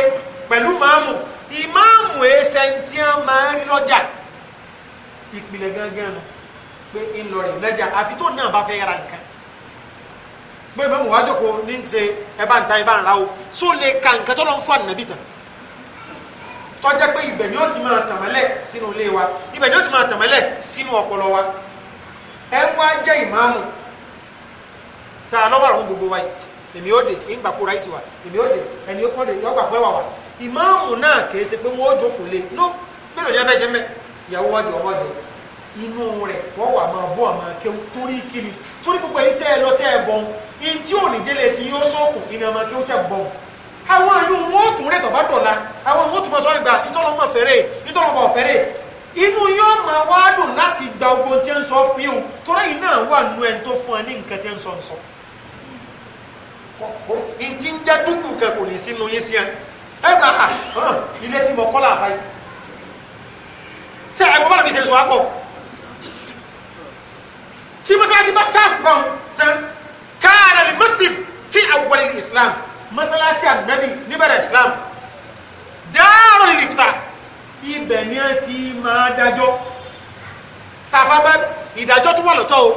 pẹ̀lú màámù ìmáàmù ẹsẹ̀ tí wọ́n máa ń lọ́jà ìpìlẹ̀ gángan nù pé ńlọ rẹ̀ lọ́jà àfi tó náà bá fẹ́ yára nǹkan pé mọ́mù wájú kò ní ṣe ẹ bá ń ta ẹ bá ń ra o só lè ka nǹkan tó lọ ń fún ànábì tán tọ́jẹ́ pé ibẹ̀ ni ó ti máa tàmẹ́lẹ̀ sínú ilé wa ibẹ̀ ni ó ti máa tàmẹ́lẹ̀ sínú ọpọlọ wa ẹ wá jẹ́ ìmáàmù tá a lọ́wọ́ àwọn gbogbo wa yìí èmi ó dé ìgbà kó ráìsì wa èmi ó dé ẹni ó kọ́ dé yọgbà pẹ́ wà wà ìmáàmù náà kìí ṣe pé wọ́n ó jókòó lé no mélòó ni abẹ́jẹ́ mẹ́ ìyàwó wájú ọmọ jẹ inú rẹ̀ wọ́n wà máa bọ́ àmọ́ kéwù torí kiri torí gbogbo èyí tẹ́ ẹ lọ tẹ́ ẹ bọ́n in tí ò ní délé ti yóò sóòkù ìní àmọ́ kéwù tẹ́ bọ́n àwọn àyùn wọn ò tún rẹ̀ tọ́ bá dọ̀la àwọn ìwọ́n tún bọ́ sọ ìgbà ìtọ́lọ́mọ fẹ́rẹ̀ ìtọ́lọ́mọ fẹ́rẹ̀ inú yóò máa wá dùn láti gba ogun tí ń sọ fíhùn torí yìí náà wà nù ẹni tó fún ẹ ní nǹkan tí ń sọ ń kò ìtí ń jẹ́ dúkù kẹ kò ní sínú yín sí ẹ ẹ gbà á ah, ilé tí mo kọ́ láàfáì ṣe ẹ̀gbọ́n bára mi ṣe sọ akọ tí mọ́sálásí bá sáàfù bọ́n tán káàrà lè mọ́sítì fi awwalil islam mọ́sálásí ànábì níbẹ̀rẹ̀ islam dáàrọ̀ lifta, ibẹ̀ ni a ti máa dájọ́ tàfà bá ìdájọ́ tó wà lọ́tọ̀ o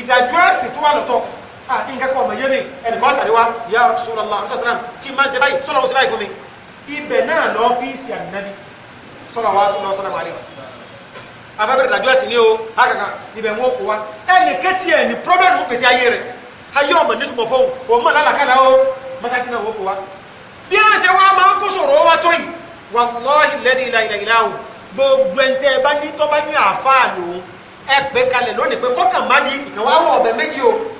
ìdájọ́ ẹ̀sìn tó wà lọ́tọ̀ o. Ah, nǹkan kan ọmọ yé mi ẹnì kan sàríwá ya Rasulullah sọ́sàrán tí máa ń ṣe báyìí sọ́lọ́wọ́ sí báyìí fún mi ibẹ̀ náà lọ fíìsì ànábi sọ́lọ́ wa tó lọ sọ́lọ́ wa rí wa afẹ́bẹ̀rẹ̀ dàjọ́ ẹ̀sìn ní o akàkà ibẹ̀ ń wọ́pọ̀ wa ẹnì kẹ́tì ẹ̀ ní pírọ́bẹ̀mù pèsè ayé rẹ̀ ayé ọmọ ní túnbọ̀ fóun òun mọ̀ lálàkàlà o mọ́sáàsì náà wọ́pọ̀ wa bí wọ́n ṣe wá máa ń kó sọ̀rọ̀ wa tó yìí wallahi lẹ́dí ìlàìlàìlàhùn gbogbo ẹ̀ńtẹ́ bá ní tọ́ bá ní àáfàá lòun ẹ pé kalẹ̀ lónìí pé kọ́kàn má ní ìkànwá wọ ọ̀bẹ méjì o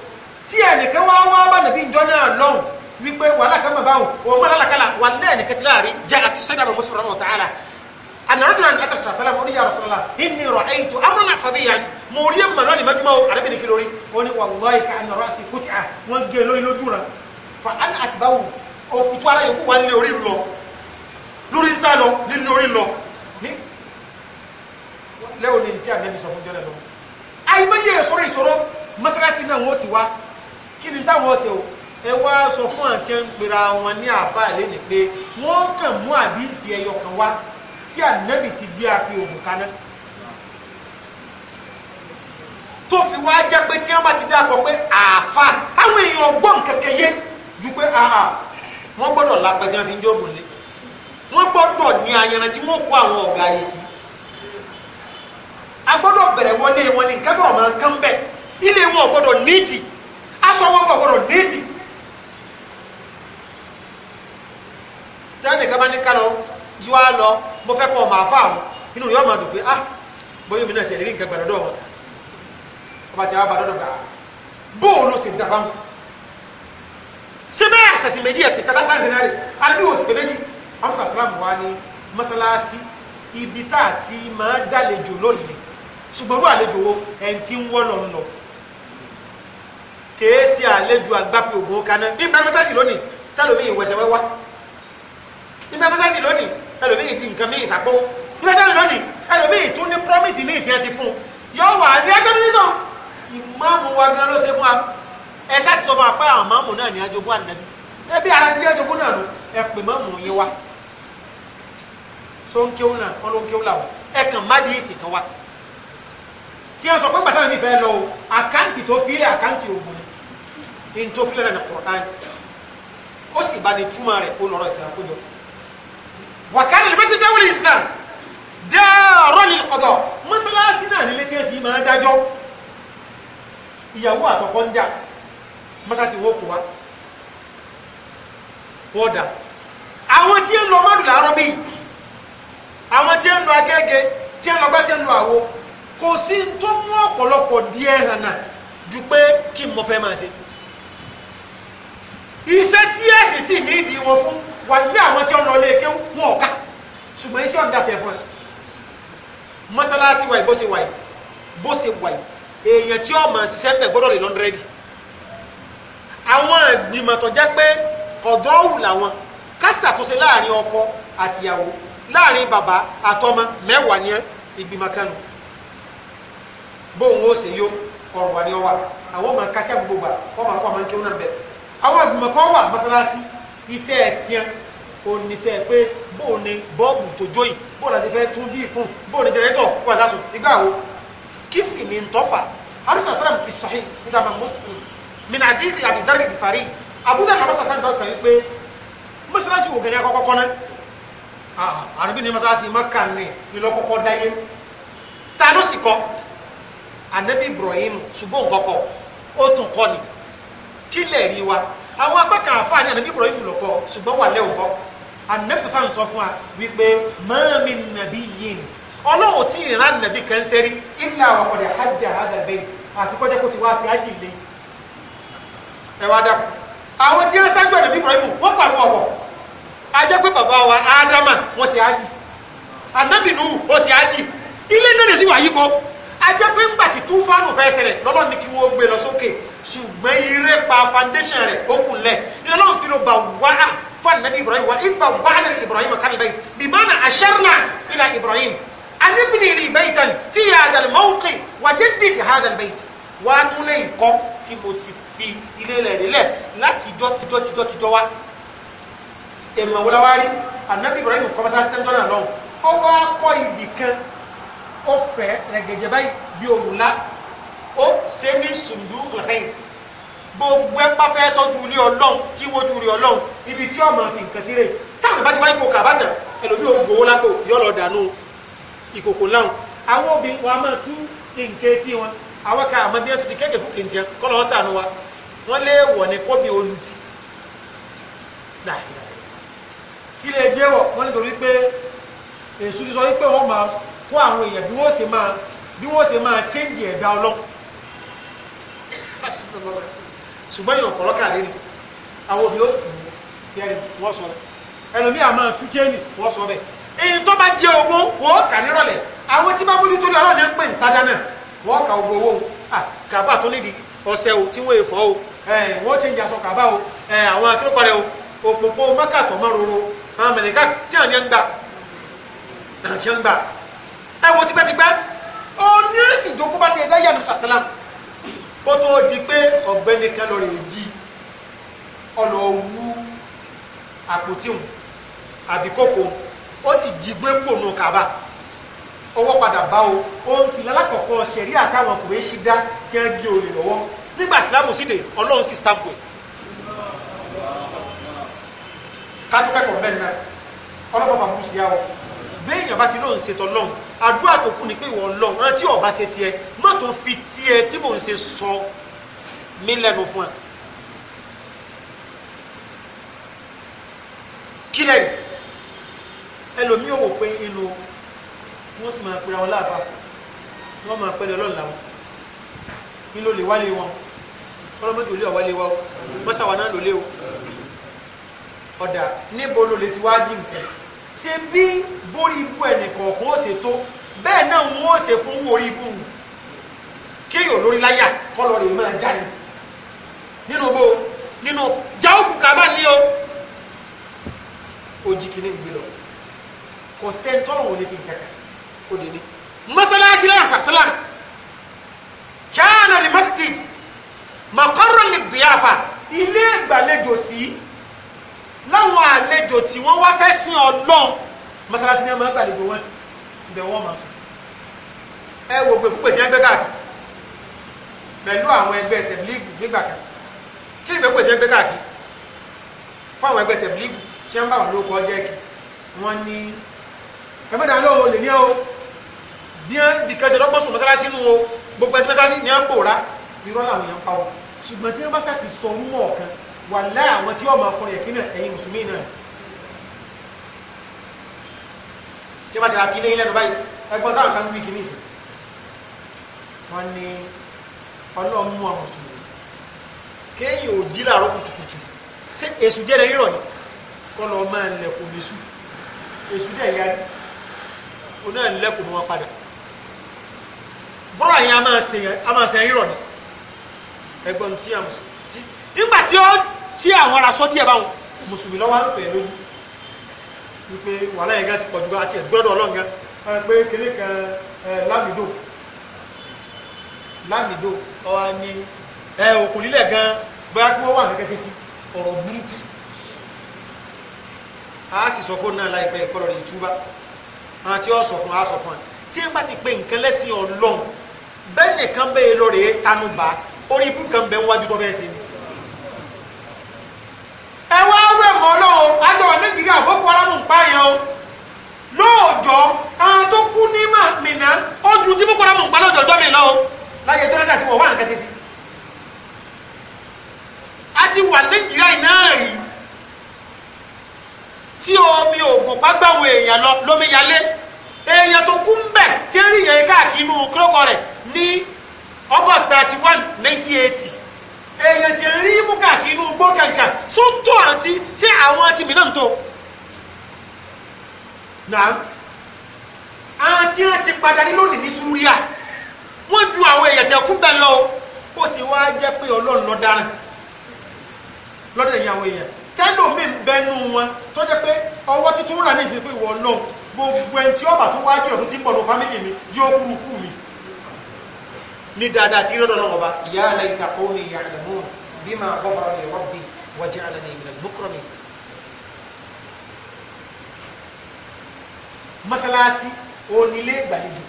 tí ẹnìkan wá wá bá nàbí ìjọ náà lọ́hùn wípé wàhálà kan máa bá wọn òun máa lálàkàlà wà náà nìkan ti láàrin já àfi sẹ́dá lọ́wọ́ sọ̀rọ̀ wọn tààlà ànàrọ́jọ́ra ní àtàrà sàlá wọn oníyàrá sọ̀rọ̀lá ìní rọ̀ ẹ̀yìn tó amúnà àfàdé yá mo rí ẹ̀mà náà ní mẹ́jọ́mọ́ o arábìnrin kí lórí ó ní wàlláhì ká ànàrọ́ àti kùtà wọ́n gé lórí lójú rẹ̀ fa àná àtibáwò orí lọ lórí nsá lọ nílé orí lọ ní lẹ́wọ̀n ní ti àmì kí ni táwọn ṣe o ẹ wá sọ fún àti ẹ ń pera wọn ní àáfàá lẹ́nu pé wọ́n kàn mú àdífi ẹyọ kan wá tí ànábì ti gbé apẹ òògùn kaná tó fi wá jẹ́ pé tí wọ́n bá ti dákọ pé àáfàá àwọn èèyàn gbọ́n kẹ̀kẹ́ yé ju pé àhà wọ́n gbọ́dọ̀ lápẹ́ tí wọ́n fi ń jóògùn lé wọ́n gbọ́dọ̀ ní ayanran tí wọ́n kó àwọn ọ̀gá yìí sí a gbọ́dọ̀ bẹ̀rẹ̀ wọlé wọn ní nǹkan bọ̀ máa ń kán bẹ́ẹ̀ ilé wọn ò gbọ́dọ̀ níìtì asọ́wọ́ bọ̀ gbọ́dọ̀ déètì tẹ́nìkan bá ní ká lọ jí wá lọ mo fẹ́ kọ́ ọmọ àfa àwọn inú rẹ̀ ọmọ àdùn pé ah bóyá omi náà tẹ̀lé rí nǹkan gbàdọ̀dọ̀ wọn ọba tí a bá dọ́dọ̀ gbà bóun ló sì ń dafa ṣé bẹ́ẹ̀ àṣàṣì méjì ẹ̀sìn kata fáńsì náà rè alẹ́ bí wọ́n sì pé méjì amsa salam wa ní mọ́sálásí ibi tá a máa dálejò lónìí ṣùgbọ́n rú àlejò wo ẹ̀ ń ti ń wọ́n lọ́nà kèésì àlejò àgbàpì ògùn kaná ní mẹfẹsẹsì lónìí tẹlomi ìwẹsẹwẹwà ní mẹfẹsẹsì lónìí tẹlomi ìdí nǹkan mi ìsàpọ ní mẹfẹsẹsì lónìí tẹlomi ìtún ní promise mi ìtìyẹn ti fún yóò wà ní ẹgbẹ́ nísàn ìmáàmù wa gan ló ṣe fún wa ẹ sá ti sọ fún wa pé àwọn máàmù náà ní ajogún ànábì ẹbí ara ní ajogún náà ló ẹ pè máàmù yín wa so ń kéwù náà wọn ló ń kéwù làwọn ẹ kàn má di ìfì mi fẹ́ lọ o àkáǹtì tó in tó filẹ̀ ní kọ̀ọ̀kan ó sì bá ní túmọ̀ rẹ̀ kó lọ́rọ̀ ìtàn àkójọ. wàkàrí lè mẹ́sẹ̀ dáwọ́lì islam dáàrọ́ ní ọ̀dọ̀ mọ́sálásí náà nílé tí ẹ ti máa dájọ́ ìyàwó àtọkọ ń dà mọ́sálásí wọ́n kò wá wọ́n dà àwọn tí ń lọ mọ́dù làárọ̀ bíi àwọn tí ń lọ agẹ́gẹ́ tí ń lọ gbá tí ń lọ àwo kò sí tó mú ọ̀pọ̀lọpọ̀ díẹ̀ hàn náà ju pé kí n mọ fẹ́ máa ṣe iṣẹ́ tí ẹ̀sìn sì ní ìdí wọn fún wà ní àwọn tí ó lọ lé kéwú wọn ọ̀ka ṣùgbọ́n iṣẹ́ ọ̀dà tẹ̀ fún ẹ mọ́sálásí wáyé bó ṣe wáyé bó ṣe wáyé èèyàn tí ó mọ̀ ṣiṣẹ́ bẹ̀ gbọ́dọ̀ lè lọ́ndrẹ́dì àwọn ìgbìmọ̀ tó jẹ́ pé ọ̀dọ́ òwú làwọn kásàtúnṣe láàrin ọkọ àtìyàwó láàrin bàbá àtọmọ mẹ́wàá ní ìgbìmọ̀ kanu bóun ó ṣe yó ọ̀rọ̀ wà ní ọwà àwọn ọmọ kátí àgbègbè gbà ọmọ akọ ọmọ nkírun náà bẹ́ẹ̀ àwọn ìgbìmọ̀ kan wà mọ́sálásí iṣẹ́ ẹ̀tíyàn oníṣẹ́ pé bóò ni bọ́ọ̀bù tó jóyìn bóò láti fẹ́ tún bí ìkún bóò ni jẹrẹtọ̀ wà sásùn ìgbà wo kí sì ni ntọ́fà arúgbó sàlám fi sọ̀hìn níta mà mùsùlùm min àdìsí àbídárì ìfàrí àbúdá nàbà sàlám dọ́kà yìí pé mọ́sálásí wò gẹ̀rẹ́ ah, kọ́kọ́ kọ́ná àrùbí ni mọ́sálásí mọ́kà ni ìlọ́kọ́kọ́ dáyé ta ló sì kọ́ ànábì Ibrahim ṣùgbọ́n kọ́kọ́ ó tún kọ́ ni kílẹ̀ rí wa àwọn apá kan àfa ní ànábì Ibrahim lọ́kọ́ ṣùgbọ́n wà lẹ́wọ̀ kọ́ ànábì sàn sọ fún wa wípé ma min nabiyyin ọlọ́wọ́ tí ìran nàbí kan sẹ́rí illa wa qad hajja hadha bayt àfikọ́jẹ́ kó ti wá sí ájì lé ẹ wá dàpọ̀ àwọn tí wọ́n sáájú ànábì Ibrahim wọ́n pàmò ọ̀pọ̀ ajẹ́ pé bàbá wa ádámà wọ́n sì ájì ànábì nù ó sì ájì ilé náà lè sí wàyí kọ́ ajẹ́ pé ńgbà tí túfánù fẹ́ ṣẹlẹ̀ lọ́nà ní kí wọ́n gbé lọ sókè ṣùgbọ́n ire pa foundation rẹ̀ ó kù lẹ̀ ilé náà fi lọ gbà wá fún nàbí Ibrahim wa ìgbà wá nàbí Ibrahim kálí bẹ́ẹ̀ bí mọ́nà àṣẹ́rìnà ilà Ibrahim arábìnrin rí bẹ́ẹ̀ tán fi hàdà mọ́ọ̀kì wà jẹ́ dìde hàdà bẹ́ẹ̀ tún lé ìkọ́ tí mo ti fi ilé rẹ̀ rílẹ̀ láti jọ́ tijọ́ tijọ́ tijọ́ wa èèmọ̀ wọlé wa rí ànábì Ibrahim kọ́ ó fẹ́ rẹ̀gẹ̀jẹ̀ báyìí bí olùlá ó ṣe ní sùndú rẹ̀ gbogbo ẹ̀pá fẹ́ tọ́jú ilé ọlọ́run tí wojú ilé ọlọ́run ibi tí ọmọ fi nǹkan sí rẹ̀ táwọn bá ti wáyé kó kàbátà ẹlòmí ò gbowó lápò yọ̀lọ̀ dànù ìkòkò náà àwọn obìnrin wa máa tú nǹkan etí wọn àwọn kan àmọ́ bí wọ́n kéèké fún kìntìyàn kọ́ lọ́ọ́ wa wọ́n lé wọ̀ ní kóbi olùtì kí lè jẹ́wọ̀ wọ́n nítorí pé èṣù ti sọ wípé wọ́n máa kó àwọn èèyàn bí wọ́n ṣe máa bí wọ́n ṣe máa change ẹ̀dá ọlọ́run ṣùgbọ́n yóò kọ̀rọ̀ káàdé ni àwọn òbí ó tù ú yẹn wọ́n sọ bẹ́ẹ̀ ẹlòmíì àmọ́ tú jẹ́ẹ̀nì wọ́n sọ bẹ́ẹ̀ èyí tó bá jẹ owó wọ́n kà nírọ̀lẹ́ àwọn tí bá mú nítorí ọlọ́run yẹn ń pè ní sádánà roro àwọn mẹ̀lẹ́ká tí àwọn yẹn ń gbà ẹ wo tipẹ́tipẹ́ onírìsì ìjókòó bá ti ẹ̀dá yàtọ̀ sàṣàlám kó tó di pé ọ̀gbẹ́ni kan lọ rìn jí ọlọ wú àpótíhùn àbí kókó ó sì jí gbé pònú kàbá owó padà bá o òun sì lálákọ̀ọ́kọ́ ṣẹ̀rí àtàwọn kò ṣì dá tí wọ́n gé olè lọ́wọ́ nígbà sílámù síde ọlọ́run sì stampo ẹ̀ ká tó kẹ́kọ̀ọ́ bẹ́ẹ̀ náà ọlọ́pàá fàmùsíyá ọ béèyàn bá ti lóun ṣe tọlọ́hún àdúrà tó kù ni pé ìwọ ọlọ́hún rántí ọba ṣe tiẹ̀ má tó fi tiẹ̀ tí mò ń ṣe sọ mí lẹ́nu fún ẹ. kí lẹ́yìn ẹlòmíì ò wò pé inú wọn sì máa pera wọn láàbà wọn máa pẹ́ lọ lọ́la wọn nílò lè wálé wọn ọlọ́mọdé olè ọ̀wálé wa mọ́sàwọn náà lò lé o ọ̀dà níbo ló lè ti wá jí nǹkan ṣe bí borí ibú ẹnìkọ̀ọ̀kan ó ṣe tó bẹ́ẹ̀ náà wọ́n ó ṣe fún orí ibú kéèyàn lórí láyà kọ́lọ́ rẹ̀ máa jáde nínú bó nínú jáwófù kaba ní o ojì kìíní gbé lọ kò sẹ́ńtọ́rọ̀ wọlé fi kàkà kó dé ní masalasi la sasalam kana ni masjid makọrọ ni diyafa ilé ìgbàlejò sí. Si, láwọn àlejò tí wọ́n wá fẹ́ sin ọlọ́run mọ́sálásí ni wọ́n máa ń gbàlejò wọn sí ibẹ̀ wọ́n máa sùn ẹ wo gbèfúgbè tí wọ́n gbé káàkiri pẹ̀lú àwọn ẹgbẹ́ tẹ̀blígù nígbà kan kí ni gbèfúgbè tí wọ́n gbé káàkiri fún àwọn ẹgbẹ́ tẹ̀blígù tí wọ́n bá wọn lóko ọjọ́ ẹ̀kì wọ́n ní ẹgbẹ́ta lóhùn lè ní o bí wọ́n bí kẹsẹ̀ lọ́gbọ́n sùn mọ́sálásí nù o gbogbo ẹtí mọ́sálásí ni wọ́n pòórá irọ́ làwọn èèyàn pa wọn ṣùgbọ́n tí wọ́n bá sà ti sọ orúmọ̀ ọ̀kan wàlá àwọn tí wọ́n máa kọ yẹ̀kí náà ẹ̀yin mùsùlùmí náà tí wọ́n ti ra fi ilé ilẹ̀ nù báyìí ẹgbọ́n táwọn kan wí kìíní sí wọ́n ní ọlọ́run mú àwọn mùsùlùmí kéèyàn ò jí làárọ̀ kùtùkùtù ṣé èṣù jẹ́rẹ̀ rírọ̀ ni kọ́ lọ máa lẹ̀kùn lẹ́sù èṣù dẹ̀ yá o ẹgbọ́n tí a mùsùlùmí nígbà tí ó tí àwọn ará sọ díẹ̀ báwọn mùsùlùmí lọ́wọ́ ń fẹ̀ lójú wípé wàhálà yẹn gan ti pọ̀ jù àti ẹ̀dúgbọ́dọ̀ ọlọ́run gan pé kele kan lámìdò lámìdò ọwọ́ ni ẹ òkú lílẹ̀ gan bóyá kí wọ́n wà kẹ́kẹ́ sí sí ọ̀rọ̀ burúkú a sì sọ fún náà láìpẹ́ ìkọlọ̀ rẹ̀ ìtúbà àwọn tí ó sọ fún a sọ fún ẹ tí ẹ bá ti pe nǹkan lẹ́sìn ọlọ́run bẹ́ẹ̀ nìkan bẹ́ẹ̀ lọ rèé orí ibú kan bẹ́ẹ̀ wájú tó bẹ́ẹ̀ sí ni. boko haram ń pààyàn o lóòjọ́ àwọn tó kú ní tí pa lóòjọ́ mi lọ ti omi ògùn èèyàn lọ lómi èèyàn tó kú ń bẹ̀ august thirty one nineteen eighty èèyàn ti rí mú káàkiri inú sótó àti sí àwọn náà àti wọn ti padà ní lónìí ní súríà wọn ju àwọn èèyàn tí a kún bẹ́ẹ̀ lọ ó sì wá jẹ́ pé ọlọ́run lọ dáràn lọ́dọ̀ ẹ̀yìn àwọn èèyàn tẹ́lómi bẹnu wọn tó jẹ́ pé ọwọ́ tuntun rà ní ìsìn pé ìwọ náà gbogbo ẹni tí ọba tó wájú ọ̀tún ti ń pọ̀nù fámìlì mi yóò kúrú kú mi ní dáadáa tí lọ́dọ̀ náà ọba. ìyá àlẹ́ ìtàkùn ni ìyá àlẹ́ mú bí máa bọ́ mọ́sálásí onílé ìgbàlejò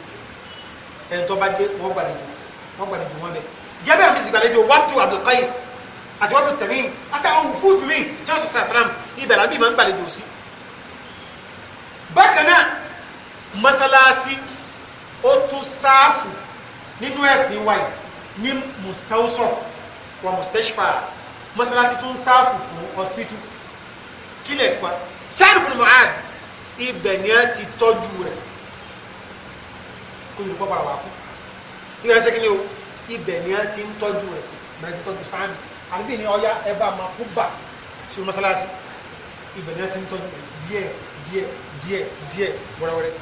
ẹni tó bá dé wọ́n gbàlejò wọ́n gbàlejò wọn bẹ̀. jẹ́bẹ̀ àmì sì gbàlejò wáfù abdulkais àti wáfù tẹ̀mí àtàwọn fúdù mi tí wọ́n sọ sàrám ibẹ̀ làbí máa ń gbàlejò sí. bákan náà mọ́sálásí ó tún sáàfù nínú ẹ̀sìn wáyé ní mustausof wa mustashfa mọ́sálásí tún sáàfù fún hospital kílẹ̀ kwa sáàdùkùn mọ́àdì ibẹ̀ ni a ti tọ́jú rẹ̀ kó yorùbá bá wà kú ní ẹsẹ̀ kí ni o ibẹ̀ ni a ti ń tọ́jú rẹ̀ bẹ̀rẹ̀ ti tọ́jú sáàmì àbí ni ọya ẹ bá máa kú bà sí mọ́sálásí ibẹ̀ ni a ti ń tọ́jú rẹ̀ díẹ̀ díẹ̀ díẹ̀ díẹ̀ wẹ́rẹ́wẹ́rẹ́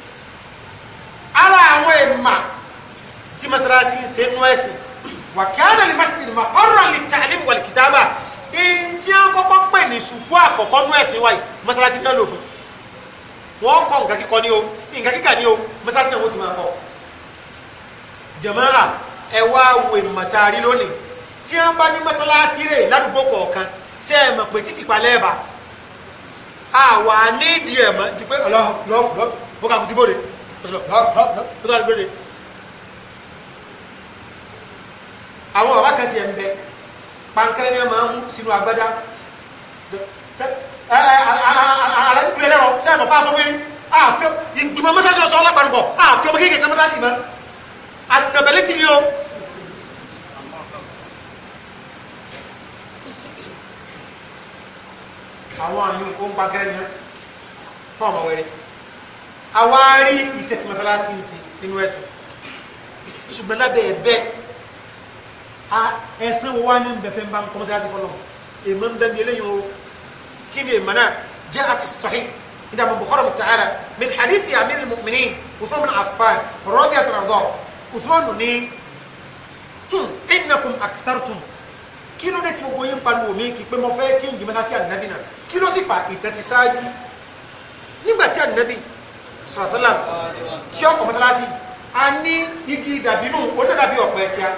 ara àwọn èèmà tí mọ́sálásí ń nú ẹ̀sìn wà kí á nàlẹ́ masjid ma ọ̀rọ̀ lè tàlẹ́ wal kitaba èyí tí a kọ́kọ́ pè ní ṣùgbọ́n àkọ́kọ́ nú ẹ̀sìn wáyé mọ́sálásí náà lò fún un wọ́n kọ́ nǹkan kíkọ ní o nǹkan kíkà ní o mọ́sáàsì náà wọ́n ti máa kọ́ jàmáà ẹ wá wo ìmọ̀taari lónìí tí wọ́n bá ní mọ́sálásí rẹ̀ ládùúgbò kọ̀ọ̀kan ṣe é mọ̀ pé títì palẹ̀ ẹ̀bà àwa ní ìdí ẹ̀ mọ́ ju pé lọ́ọ̀lọ́ọ̀lọ́ bó ká kú dìbò rè bó ká dìbò rè àwọn ọ̀rá kan ti ẹ̀ ń bẹ pankẹ́rẹ́ ni wọ́n máa ń sínú agbádá alájúkulẹ̀ lẹ́rọ sẹ́ẹ̀mọ̀ pàṣọ pé àfẹ́ ìgbìmọ̀ mọ́sáṣí lọ sọ ọlápàdùkọ̀ àfẹ́ ọmọ kéèkéé kan mọ́sáṣí mọ́ àdùnnàbẹ̀lẹ̀ ti ní o àwọn àyùn kó ń pa kẹ́rẹ́ ni fún ọmọ wẹ̀rẹ̀ àwárí ìṣẹ̀tì mọ́sálásí ìsìn nínú ẹ̀sìn ṣùgbọ́n lábẹ́ ẹ̀bẹ́ ẹ̀sìn wọn ní bẹ̀fẹ̀ ń bá ń kọ́ mọ́sálásí fọlọ́ èèmọ̀ ń bẹ́ mi eléyìí o كيف المنام جاء في الصحيح إذا من بخاري تعالى من حديث أمير المؤمنين عثمان بن عفان رضي الله عنه عثمان ní إنكم أكثرتم kí ló dé tí gbogbo yín pariwo mi kì í pé mo fẹ́ kí n yìí mẹ́sàsí ànábì náà kí ló sì fa ìtàn ti ṣáájú nígbà tí ànábì sọ̀rọ̀sọ́là kí ọkọ̀ mọ́sálásí a ní igi dàbí nù onídàbí ọ̀pọ̀ ẹ̀ tí a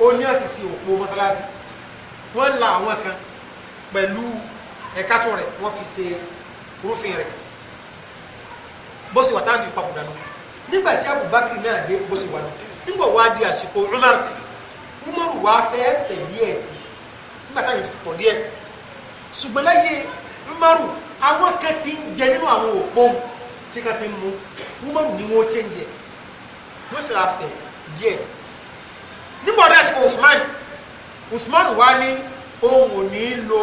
ó ní àfìsí òpó mọ́sálásí wọ́n la àwọn kan pẹ̀lú ẹ̀ka tó rẹ̀ wọ́n fi ṣe rúfin rẹ̀ bó sì wà táwọn fi papòdà nù nígbà tí Abubakar náà dé bó sì wà nù nígbà wá di àsìkò Umar Umaru wá fẹ́ fẹ̀ díẹ̀ sí nígbà táwọn fi pọ̀ díẹ̀ ṣùgbọ́n láyé Umaru àwọn kan ti ń jẹ nínú àwọn òpó tí kan ti ń mu Umaru ni wọ́n ṣe ń jẹ wọ́n sì ra fẹ̀ díẹ̀ sí nígbà wá di àsìkò Usman Usman wá ní ohun ò ní lo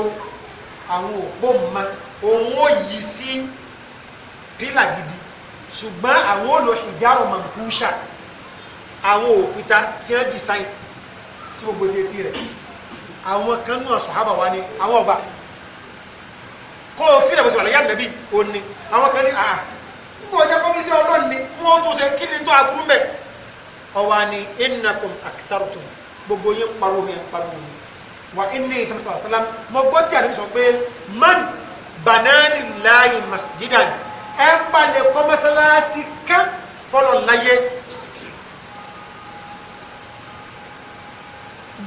àwọn òpó mọ òun ó yí sí pílà gidi ṣùgbọ́n àwọn ò lo ìjárò mankusha àwọn òkúta tí wọ́n design sí gbogbo etí rẹ̀ àwọn kan náà sọ̀hábà wa ni àwọn ọba kó o fi ìdàgbàsọ̀ àlàyé ànàbí òní àwọn kan ní àà nígbà ọjà kọ́ nílé ọlọ́run ni wọ́n tún ṣe kí ni tó aburú mẹ́ ọwa ni innakum akthartum gbogbo yín pariwo mi pariwo mi wà inú ìsẹ́mi sọ̀rọ̀ sálám mo gbọ́ tí àdúgbò sọ pé man banani láàyè masjidan ẹ ń bá lè kọ́ mọ́sálásí kán fọlọ́ láyé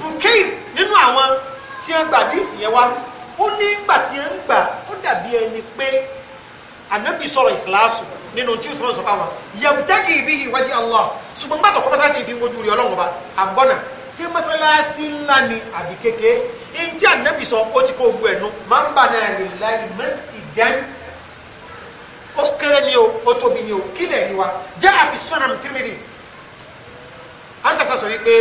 bukir nínú àwọn tí wọ́n gbà ní ìyẹn wa ó ní gbà tí wọ́n gbà ó dàbí ẹni pé ànábì sọ̀rọ̀ ìkìláàsù nínú tí ìfọwọ́sọ̀fà wọn yẹ̀mùtẹ́kì ìbí ìwájú allah ṣùgbọ́n gbàtọ̀ kọ́ mọ́sálásí ìfi ń wojú rí ọlọ́run ọba àgbọ̀nà sí mọ́sálásí ńlá ni àbí kékeré ntí ànábì sọ ó ti kó ogun ẹ̀nu máa ń bà náà rè láì masjidan ó kéré ni o ó tóbi ni o kí lè rí wa jẹ́ àfi sunan Tirmidhi ansasa sọ wípé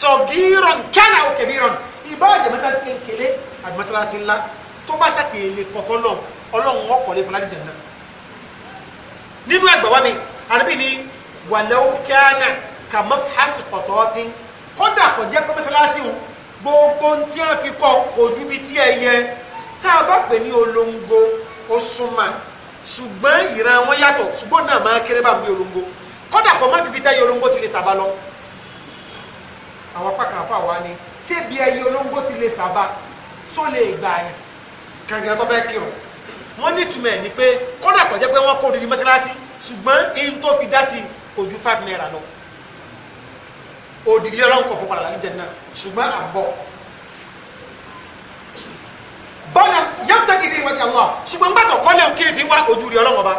sọ̀gírọ̀n kẹ́lá o kẹ̀bírọ̀n ìbá àjẹ́ mọ́sálásí kékeré àbí mọ́sálásí ńlá tó bá sàtì èlé kọ̀fọ́ náà ọlọ́run ọkọ̀ lè fọlá dìjà náà nínú ẹgbàá wa mi àdébì ni wàlẹ́ ó kẹ́ kàmọ́ fásitì pọ̀tọ́ ti ń kódà kò jẹ́ pé mọ́sálásí wọn gbogbo tí wọ́n fi kọ́ ojú bíi tí ẹ yẹ tá a bá pè ní olóńgó ó súnmọ́ ṣùgbọ́n ìran wọn yàtọ̀ ṣùgbọ́n náà máa kéré bá ń bí olóńgó kódà kò má ju bíi tẹ́yẹ olóńgó ti lè sábà lọ. àwọn apá kan àfa wa ni ṣé bí ẹyẹ olóńgó ti lè sábà tó lè gbà yẹn kàngàn tó fẹ́ kírun ní ìtumọ̀ ẹ̀ ni pé kódà kò pé wọ́n kó odidi mọ́sálásí ṣùgbọ́n èyí tó fi dá sí kò ju five naira lọ. No òdìlé ọlọ́run kọ̀ fún padà láti jẹun náà ṣùgbọ́n à ń bọ̀. bọ́lá yàtọ̀ ìdí àwọn ṣùgbọ́n gbàtọ̀ kọ́lẹ̀ kiri fi wá ojú rí ọlọ́run ọba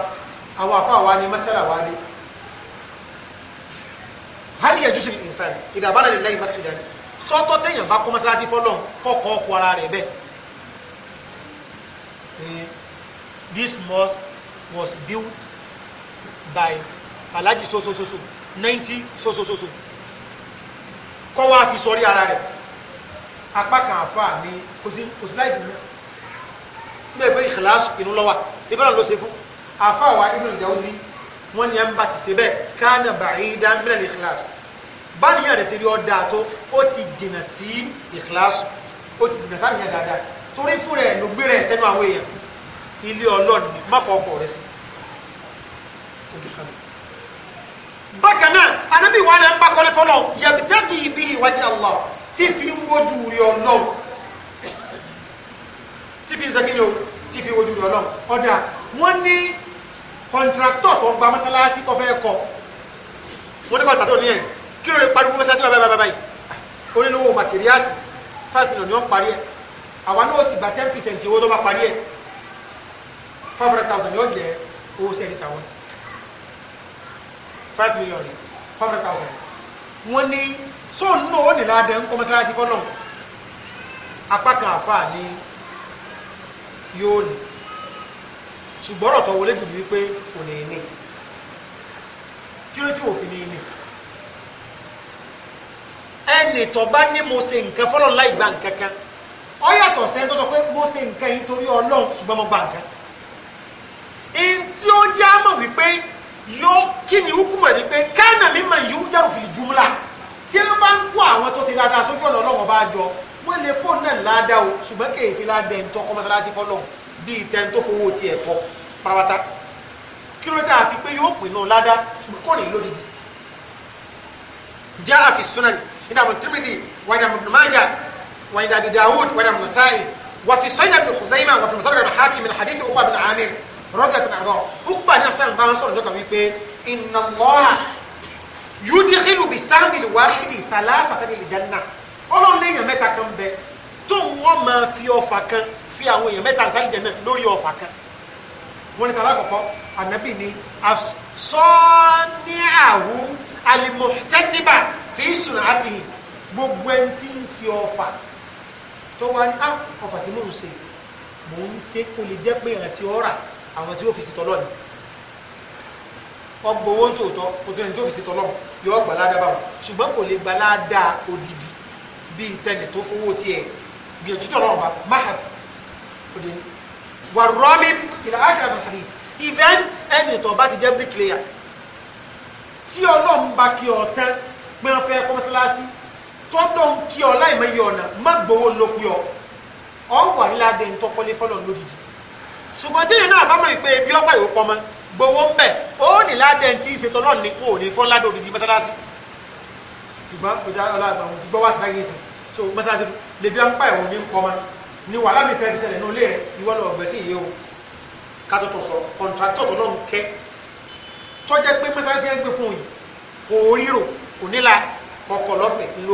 àwọn àfa wa ni masala wa ni. hali yẹ jùsùn ìsàlẹ̀ ìdàbálẹ̀ lè lẹ́yìn masida sọ́tọ́ téèyàn bá kọ́ masalasi fọlọ́n kọ́kọ́ ọkọ̀ ara rẹ̀ bẹ́ẹ̀. Hmm, this mosque was built by Alhaji so so so so ninety so so so so kọ́ wá fi sọrí ara rẹ̀ apá kan àfa mi kò sí kò sí láì dùn mí bẹ́ẹ̀ pé ìkìláàsù inú lọ́wà ìbẹ̀rẹ̀ ló ṣe fún àfa wa Ibn al-Jawzi wọ́n ní ẹnba ti ṣe bẹ́ẹ̀ káàna bàáyídá mílẹ̀ ní ìkìláàsù báníyàn rẹ̀ ṣe rí ọ̀dà tó ó ti jìnà sí ìkìláàsù ó ti jìnà sáàmì yẹn dáadáa torí fún rẹ̀ ló gbé rẹ̀ sẹ́nu àwọn èèyàn ilé ọlọ́ọ̀ni mọ́kọ̀ọ́kọ̀ rẹ̀ sí ojú bákan náà anábì wa náà ń bá kọ́lé fọlọ́ yabtaghi bihi wajha Allah tí fi ń wojú rí ọlọ́ tí fi ń segin yòó tí fi wojú rí ọlọ́ ọ̀dà wọ́n ní kọ̀ǹtrátọ̀ tó ń gba mọ́sálásí tó fẹ́ kọ́ wọ́n ní kọ̀ǹtrátọ̀ ní ẹ̀ kí ló lè pariwo mọ́sálásí bàbá bàbá yìí onílówó màtíríàsì five million ni wọ́n parí ẹ̀ àwa náà sì gba ten percent owó tó bá parí ẹ̀ five hundred thousand yóò jẹ́ owó sẹ́ẹ̀dì tàwọn five million rẹ̀ five hundred thousand wọ́n ní sóun náà ó ní ládẹ́ ń kọ́ mọ́sálásí fọ́nà apá kan àfáà ní yóò ní ṣùgbọ́n ọ̀rọ̀ tó wọlé jù ní wípé kò ní ní kí ló tí òfin ní ní ẹnì tó bá ní mo ṣe nǹkan fọ́lọ́n láì gba nǹkan kan ó yàtọ̀ sẹ́ni tó sọ pé mo ṣe nǹkan yìí torí Ọlọ́run ṣùgbọ́n mo gba nǹkan èyí tí ó jẹ́ àmọ̀ wípé yóò kí ni hukumọ̀ ni pé kánà mi máa yíwú jẹ́rù fìlì jùmúlà tí wọ́n bá ń kó àwọn tó ṣe dáadáa sójú ọ̀nà ọlọ́wọ́n bá jọ wọ́n lè fóònù náà ládàá o ṣùgbọ́n kì í ṣe ládàá ẹ̀ ń tọ́kọ́ mọ́sálásí fọ́lọ́ bíi tẹ́ni tó fowó ti ẹ̀ tọ́ parapata kí ló dáa fi pé yóò pè náà ládàá ṣùgbọ́n kọ́ ni lódìdí. já àfi sunan ní dàmú Tirmidhi wàdà mọ̀nàmájà wàdà Abi Dawud wàfi sọ́yìn àbí rọ́jà tó nàrọ̀ búkúbà ní asan bá ń sọ̀rọ̀ jọ́ka wípé inna Allah yudkhilu bisáàmìlì wáhìdì tàlá àfàtàdì lè jẹ́nà ọlọ́run ní èèyàn mẹ́ta kan bẹ tó wọ́n máa fi ọfà kan fi àwọn èèyàn mẹ́ta sáré jẹ́ náà lórí ọfà kan wọ́n ní tàlá àkọ́kọ́ ànábì ni sọ́ọ́níàwó alimọ̀tẹ́síbà fi sùn àti gbogbo ẹni tí ń ṣe ọfà tó wá ní ah, ọfà tí mò ń ṣe mò ń ṣe kò lè jẹ́ pé ìrántí ọ̀rà àwọn tí ó fi sí tọ́lọ́ ni ọgbọ owó ń tòótọ́ òtún ẹni tí fi sí tọ́lọ́ yọ gbà báwọn ṣùgbọ́n kò lè gbà ládàá odidi bíi tẹnì tó fowó tiẹ̀ gbìyànjú tọ́lọ́ ọba mahat òde wà rọ́ọ̀mì ìlà ákàrà nàkàlì ìdán ẹni tó bá ti jẹ́ bíríkìlẹ̀yà tí ọlọ́run bá kí ọ tán pé wọ́n fẹ́ kọ́ mọ́sálásí tọ́dọ̀ ń kí ọ láì mọ ọ̀nà má gbowó lópin ọ ọ wà nílá ṣùgbọ́n tí iná àbámọ̀ ìpè ebi ọ̀pá ìwò pọmọ gbowó ń bẹ̀ ó ní ládẹ́ tí ìṣètò náà ní kó ní fọ́n ládò òdìdí mọ́sálásí ṣùgbọ́n ọjà ọlọ́àgbà òun ti gbọ́ wá sí báyìí sí so mọ́sálásí lèbi ọ̀pá ìwò ní pọmọ ni wàhálà mi fẹ́ẹ́ fi ṣẹlẹ̀ ní olè ìwọ lọ ọ̀gbẹ́ sí iye o kátó sọ kọ̀ǹtrátọ̀ tó náà ń kẹ́ tọ́jẹ́ pé mọ́sálásí ẹ̀ ń gbé fún yìí kò ríro kò nílà ọkọ̀ lọ́fẹ̀ẹ́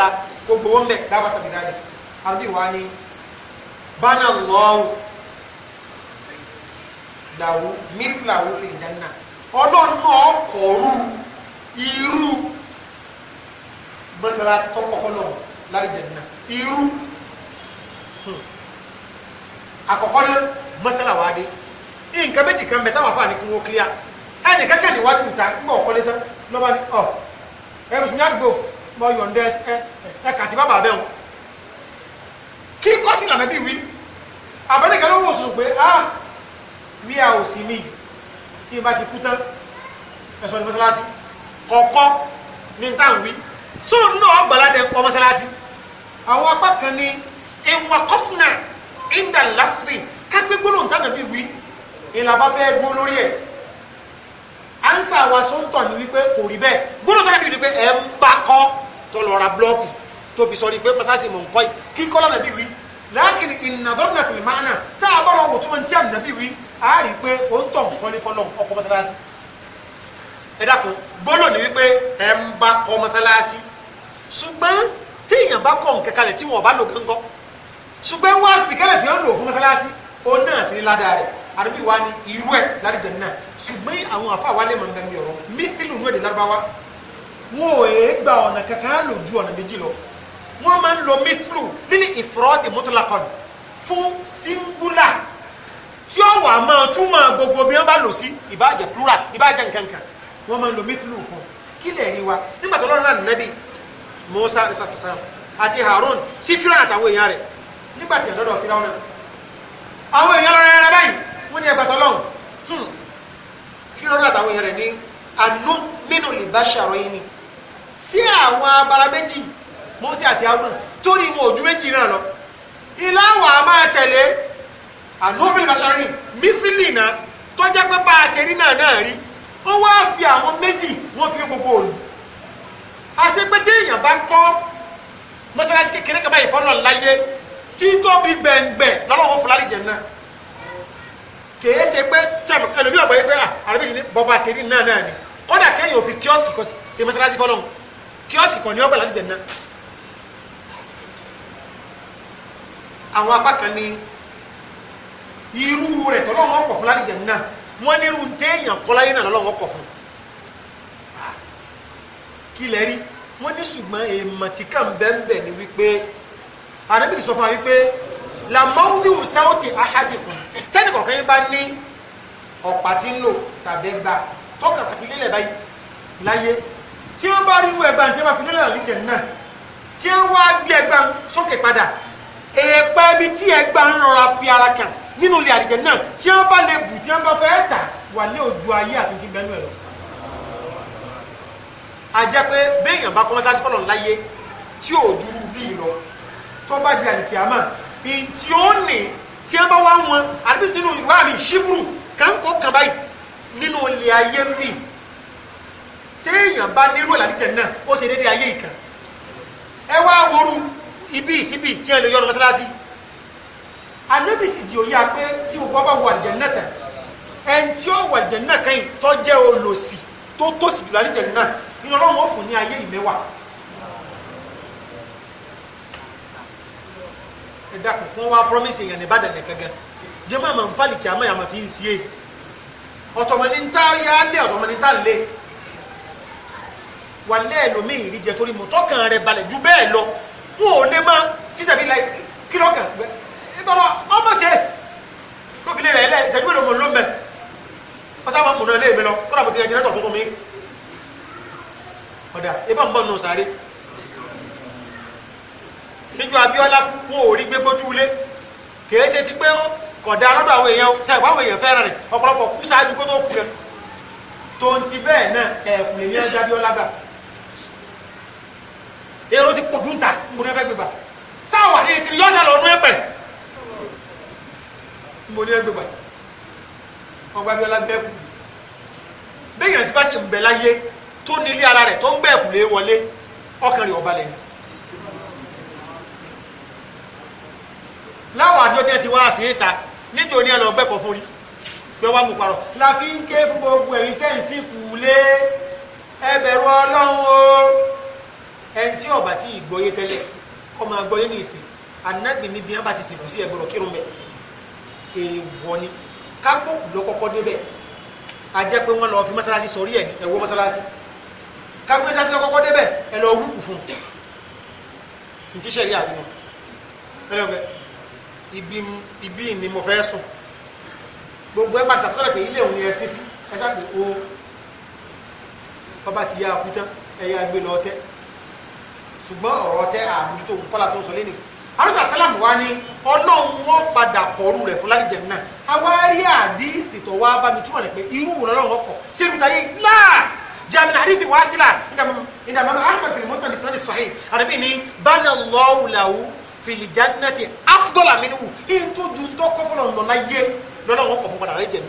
la kó gbowó ń bẹ̀ dábàá sàbìdá rẹ̀ àbí wàá ní bánà lọ́wọ́ làwù mítìláwù fil janna ọlọ́run náà kọ̀ọ̀rù irú mọ́sálásí tó kọ́kọ́ lọ lárí janna irú hmm. àkọ́kọ́ náà mọ́sálà wá dé nǹkan méjì kan bẹ táwọn afáàní kí wọ́n kílíà ẹnì kankan níwájú ìta ń bọ̀ kọ́lé tán lọ́ba ní ọ ẹ̀rù sùn mọ yọ̀ǹda ẹ kàtí bàbá bẹ́ẹ̀ o kí kọ́sì lànà bí wí àbẹ́nìkan ló wò sùn pé a ah, bí a ò sí mi tí n bá ti kú tán ẹ̀sọ́ ní mọ́sálásí kọ̀ọ̀kọ́ ní n táwọn wí tó ń náà gbàládẹ kọ́ mọ́sálásí àwọn apá kan ní ìwà kọ́fúnà ìndà láfúrì kápẹ́ gbólóhùn tánà bí wí ìlà bá fẹ́ dúró lórí ẹ̀ ansa wa sọ́ńtọ̀ ni wípé kò rí bẹ́ẹ̀ gbólóhùn tánà bí wí ni pé ẹ̀ ń bá kọ́ tó lọ ra blọ́ọ̀kù tó fi sọrí pé masasi mọ̀ nkọ́ yìí kí kọ́lá nàbí wí láàkìn ìnàdọ́rọ̀ náà fìlì máa nà tá a bọ̀rọ̀ wò túmọ̀ tí a nàbí wí a rí i pé ó ń tọ̀ nkọ́lé fọlọ́ ọkọ̀ masalasi ẹ dákun gbọ́dọ̀ ní wípé ẹ ń bá kọ́ masalasi ṣùgbọ́n tí èèyàn bá kọ̀ nkẹ́kalẹ̀ tí wọ́n bá lò gángan ṣùgbọ́n wọ́n á fi kẹ́lẹ̀ tí wọ́n lò fún masalasi ó náà ti ní ládàá rẹ̀ àdúgbò wa ni irú ẹ̀ ládìjẹ́ náà ṣùgbọ́n àwọn àfa wa lè mọ̀ nígbà mi ọ̀rọ̀ mí wọn ò yẹ gba ọ̀nà kankan lò ju ọ̀nà méjì lọ wọ́n máa ń lo mitlu nínú ìfúrọ́dì mutlakan fún singular tí ó wà máa túmọ̀ gbogbo bí wọ́n bá lò sí ìbájẹ́ plural ìbájẹ́ nkankan wọ́n máa ń lo mitlu fún kí lè rí wa nígbà tó lọ́nà nàbí Musa alayisalaam àti Harun sí fira àtàwọn èèyàn rẹ̀ nígbà tí ẹ̀dọ́dọ̀ fira wọn àwọn èèyàn lọ́rọ̀ ẹ̀rẹ́ báyìí wọ́n ní ẹgbàtọ́ lọ́hùn hmm. fira àtàwọn èèyàn rẹ̀ ní anú nínú lè bá ṣàròyìn ni sí àwọn abala méjì mọ́sí àti arúnà torí wọn ojú méjì náà lọ ilá wà á máa tẹ̀lé ànúbìlì bàṣọrin mífìlì náà tó jẹ́ pé bá a ṣe rí náà náà rí wọ́n wá fi àwọn méjì wọ́n fi gbogbo òòlù àṣepẹ́tẹ́ èèyàn bá ń kọ́ mọ́sálásí kékeré kan báyìí fọ́nà láyé títóbi gbẹ̀ngbẹ̀ lọ́lọ́wọ́ fúlárì jẹ̀ náà kèé ṣe pé sẹ́mi kan lómi ọ̀gbọ́n yẹn pé ah, àrẹ́bíyìí bọ́ba ṣe rí náà náà ni kọ́dà kéèyàn ò fi kíọ́sì kọ́sì ṣe mọ́sálásí fọ́nà kíọ́sì kan ní ọgbà láti jẹ̀ náà àwọn apá kan ní irú rẹ̀ tọ́lọ́wọ́n ọkọ̀ fún láti jẹ̀ náà wọ́n ní irú téèyàn kọ́láyé náà lọ́wọ́ ọkọ̀ fún kí lẹ rí wọ́n ní ṣùgbọ́n èèmọ̀ tí kà ń ni wípé àdébìtì sọ fún wa wípé làmọ́ọ́dún sáwọ́tì ahadìkùn tẹ́nìkọ̀ọ́kan yín bá ní ọ̀pá tí ń lò tàbí gbà tọ́kà tàbí lélẹ̀ báyìí láyé tí wọ́n bá rí inú ẹgbà tí wọ́n bá fi lélẹ̀ àlìjẹ̀ náà tí wọ́n wá gbé ẹgbà sókè padà èèpá ibi tí ẹgbà ń rọra fi ara kàn nínú ilé àlìjẹ̀ náà tí wọ́n bá lè bù tí wọ́n bá fẹ́ tà wà lé ojú ayé àti ti bẹ́nu ẹ̀ lọ. a jẹ́ pé béèyàn bá kọ́mọ́sá sí fọlọ́n láyé tí ò dúró bíi lọ tó bá di àlìkìyàmà ìtì ó nì tí wọ́n bá wá wọn àdébísí nínú ìwà mi ṣíbùrù kàn kàn báyìí nínú ilé ayé mi téèyàn bá nírú ìlànìjẹ náà ó ṣe déédéé ayé ìkan ẹ wá woru ibi ìsíbi tí ẹ lè yọ lọ mọ́sálásí anábì sì di òye apé tí o bá wọ àlìjẹ náà tẹ ẹn tí ó wọ àlìjẹ náà kẹyìn tó jẹ olòṣì tó tòṣì jùlọ àlìjẹ náà nínú ọlọ́run ó fún ní ayé ìmẹ́wàá ẹ dàpọ̀ wọn wá promise èèyàn nìbàdàn nìkan gan jẹ́ máa ma àmọ́ ìyàmọ̀ fi ta yá lé ọ̀tọ̀mọ̀ ta lé wà lẹ́ẹ̀lómi ìríjẹ torí mọ̀ tọ́kàn rẹ̀ balẹ̀ ju bẹ́ẹ̀ lọ wọn ò lè má fíṣàbí la kílọ̀kàn ìbọ̀rọ̀ ọmọ ṣe lókìlẹ̀ rẹ̀ lẹ́ ìṣẹ́jú mélòó mọ̀ ló mẹ́ ọ̀sá máa mú náà lé mi lọ kọ́nà àbòkìlẹ̀ jẹ́rẹ́tọ̀ tuntun mi ọ̀dà ibà ń bọ̀ nù sáré níjọ Abíọ́lá kú wọn ò rí gbé gbójúlé kìí ṣe ti pé kọ̀dá lọ́dọ̀ àwọn èèyàn sẹ́yìn fáwọn èèyàn fẹ́ràn rẹ̀ ọ̀pọ̀lọpọ̀ kú ṣáájú kó tó kú kẹ tó ń ti bẹ́ẹ̀ náà ẹ̀kùnlé ní ọjọ́ Abíọ́lá gbà èrò ti pọ̀jù ń ta mo ní ẹ fẹ́ gbégbà sáwà ní ìsìn lọ́sà lọ́nu ẹ̀pẹ̀ mo ní ẹ gbégbà ọgbà bíọ́lá bẹ́ẹ̀kù bẹ́ẹ̀ yẹn sì bá sì ń bẹ láyé tó ní ilé ara rẹ̀ tó ń gbẹ̀kù lé wọlé ọkàn rẹ̀ ọba lẹ́yìn. láwọn àjọ tí ẹ ti wá sí ìta níjó ní ẹ lọ gbẹ́kọ̀ọ́ fún rí pé wá mú parọ́ la fi ń ké fún gbogbo ẹ̀yin tẹ́yìn sí kù lé ọlọ́run o ẹn tí ọba tí ìgbọ́yé tẹ́lẹ̀ kọ́ máa gbọ́yé ní ìsìn anábì ní bí wọ́n bá ti sìnkú sí ẹgbọ́rọ̀ kírun bẹ̀ èèwọ̀ ni kágbókù lọ́kọ́kọ́ débẹ̀ ajẹ́ pé wọ́n lọ fi mọ́sálásí sọrí ẹ̀ ẹ̀wọ́ mọ́sálásí kágbé sásí lọ́kọ́kọ́ débẹ̀ ẹ lọ rúkù fún un ti ṣẹ̀rí àgbọn ẹlẹ́gbẹ́ ibi ni mo fẹ́ sùn gbogbo ẹ̀ bá ti sàkọ́tọ̀ pé ilé òun ni ẹ sí sí ẹ sáà o ọba ti yá akú tán ẹ yá gbé lọ tẹ́ ṣùgbọ́n ọ̀rọ̀ tẹ́ àmójútó kọ́lá tó ń sọ lẹ́nu arúgbó sálàmù wa ni ọlọ́run wọn padà kọrú rẹ̀ fún ládìjẹ náà àwárí àdìsí tó wá bá mi túmọ̀ rẹ̀ pé irú wò lọ́rọ̀ ọkọ̀ sí irú táyé láà jàmínà àdìsí wàá sílà ìdààmú ahmed fìlì mọ́sálàmì sinadi sọ̀hìn àdàbí ni bánà lọ́wù làwù fìlì jánẹ́tì afdọ́là mi nìwù ìyẹn tó dùn tó kọ́ fọlọ́ lọ́la yé lọ́rọ̀ ọkọ̀ fún padà ládìjẹ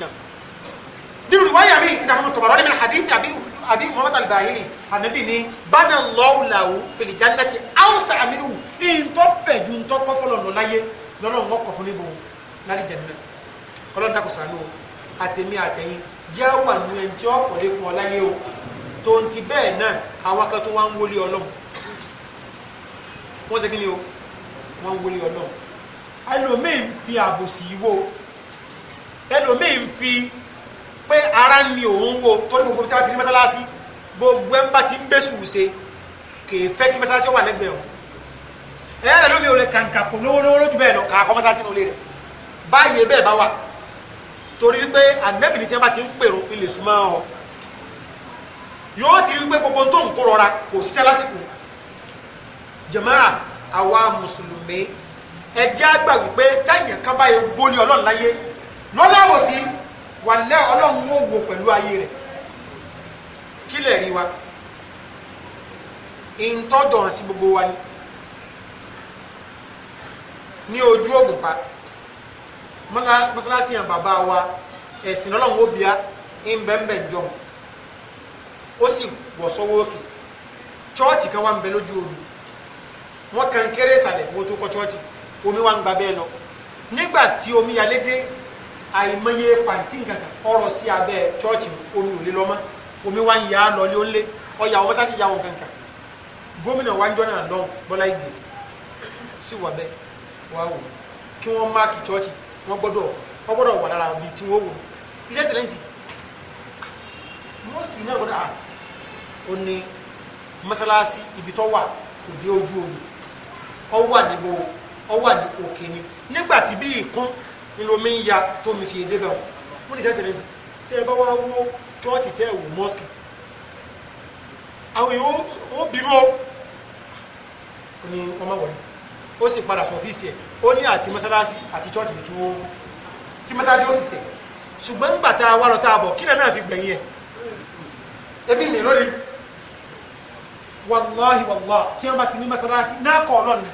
àbí muhammad albayili ànábì ní bánà lọ́wọ́làwọ́ fìlìjánẹ́tì áwùsà àmínú ìǹtọ́ fẹ̀jú ǹtọ́ kọ́fọ́lọ̀ lọ láyé lọ́nà wọn kọ̀ fún níbo lálẹ́ jẹ̀nẹ́ ọlọ́run dàkọ̀ sànú àtẹ̀mí àtẹ̀yìn yá wà nù ẹ̀ tí ọkọ̀ lè fún ọ láyé o tó ń ti bẹ́ẹ̀ náà àwọn akẹ́tọ́ wa ń wọlé ọlọ́run wọ́n ṣe kí ni o wọ́n ń wọlé ọlọ́run ẹlòmíì ń fi àbòsí wo ẹlòmíì ń fi pé ara ni òun wo torí gbogbo tí a ti ní mọ́sálásí gbogbo ẹ̀ ń bá ti ń bẹ́sù ṣe kì í fẹ́ kí mọ́sálásí wà lẹ́gbẹ̀ẹ́ wọn ẹ̀rẹ̀ lómi ò lè kàǹkà kò lówólówó lójú bẹ́ẹ̀ lọ kà kọ́ mọ́sálásí nílé rẹ̀ báyìí bẹ́ẹ̀ bá wà torí wípé ànẹ́bìlì tí wọ́n bá ti ń pèrò ilé súnmọ́ ọ yóò ti rí pé gbogbo tó ń kó rọra kò ṣiṣẹ́ lásìkò jàmáà àwa mùsùlùmí ẹ jẹ́ á wípé táyà kan báyìí gbóni ọlọ́run láyé lọ́lá wàlẹ́ ọlọ́run ó wo pẹ̀lú ayé rẹ̀ kí lè rí wa ìǹtọ́dọ̀ sí gbogbo wa ni ní ojú ògùn pa mọ́sálásí hàn bàbá wa ẹ̀sìn ọlọ́run ó bíá ń bẹ́ẹ̀ jọ ó sì wọ̀ sọ́wọ́ òkè chọ́ọ̀chì kan wà ń bẹ lójú omi wọ́n kan kéré ìsàlẹ̀ wọ́n tó kọ́ chọ́ọ̀chì omi wà ń gba bẹ́ẹ̀ lọ nígbà tí omi yalé dé àìmọye pàǹtí nǹkan kan ọrọ̀ sí abẹ́ chọ́ọ̀chì omi ò lé lọ́mọ́ omi wá ń yà á lọ lé ó lé ọyà yà kankan gómìnà náà lọ Bọ́lá Ìgè sì wà bẹ́ẹ̀ wá wò kí wọ́n máàkì chọ́ọ̀chì wà lára bíi tí wò náà à ó ní mọ́sálásí wà ojú omi nílò mi ń ya tó mi fi èdè bẹ̀rù wọ́n ní sẹ́sẹ̀ lẹ́sìn tẹ́ ẹ bá wá wó chọ́ọ̀tì tẹ́ ẹ wò mọ́sìkì àwọn èèyàn ó bínú ó ní wọ́n má wọlé ó sì padà sọ ọ́fíìsì ẹ̀ ó ní àti mọ́sálásí àti chọ́ọ̀tì kí wọ́n tí mọ́sálásí ó sì sẹ̀ ṣùgbọ́n ń gbàtà wà lọ́tà àbọ̀ kí náà fi gbẹ̀yìn ẹ̀ ebi mi lórí wàláhi wàláhi tí wọ́n bá ti ní mọ́sálásí náà kọ́ ọlọ́ọ̀ni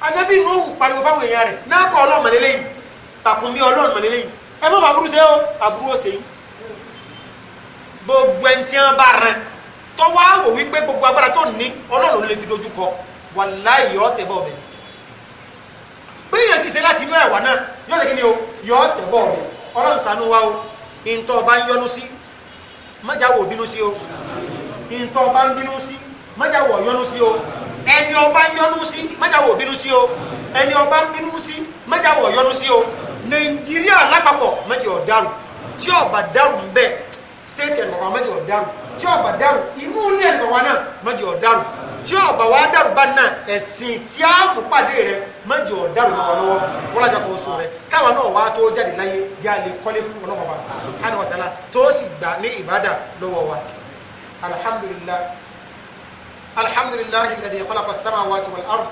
anábì nù pariwo fáwọn èèyàn rẹ̀ náà kọ́ ọlọ́ọ̀mọ̀lélẹ́yìn tàkùn bí ọlọ́run mọ̀ lélẹ́yìn ẹ mọ̀ bàbúrú ṣe ó àbúrú ó ṣe yìí gbogbo ẹni tí wọ́n bá rẹ̀ tọ́wọ́ àwò wípé gbogbo agbára tó ní ọlọ́run ló lè fi dojú kọ wàláhì yọ̀ọ́ tẹ̀ bọ́ọ̀ bẹ̀ bí yẹn sì ṣe láti inú ẹ̀wà náà yọ̀ọ́ tẹ̀ kí ni o yọ̀ọ́ tẹ̀ bọ́ọ̀ bẹ̀ ọlọ́run ṣàánú wa o ìntọ́ ọba ń yọnu sí májáwò bínú sí o ìntọ́ ọba ń bínú sí májáwò yọnu sí o ẹni ọba ń yọnu sí májáwò bínú sí o ẹni ọba ń bínú sí májáwò yọnu sí o nàìjíríà lápapọ̀ mẹ́jọ ọ̀daràn tí ọba dàrú ń bẹ stéètì ẹ̀rọ wa mẹ́jọ ọ̀daràn tí ọba dàrú inú ilé ẹ̀rọ wa náà mẹ́jọ ọ̀daràn tí ọba wa dàrú bá náà ẹ̀sìn tí a mú pàdé rẹ mẹ́jọ ọ̀daràn lọ́wọ́ lọ́wọ́ wọ́n lájà kó sọ rẹ káwa náà wá tó jáde láyé já lè kọ́lé fún ọlọ́wọ́ wa subhanahu wa ta'ala tó sì gbà ní ìbádà lọ́wọ́ wa alhamdulillah alhamdulillah alladhi khalaqa as-samawati wal-ard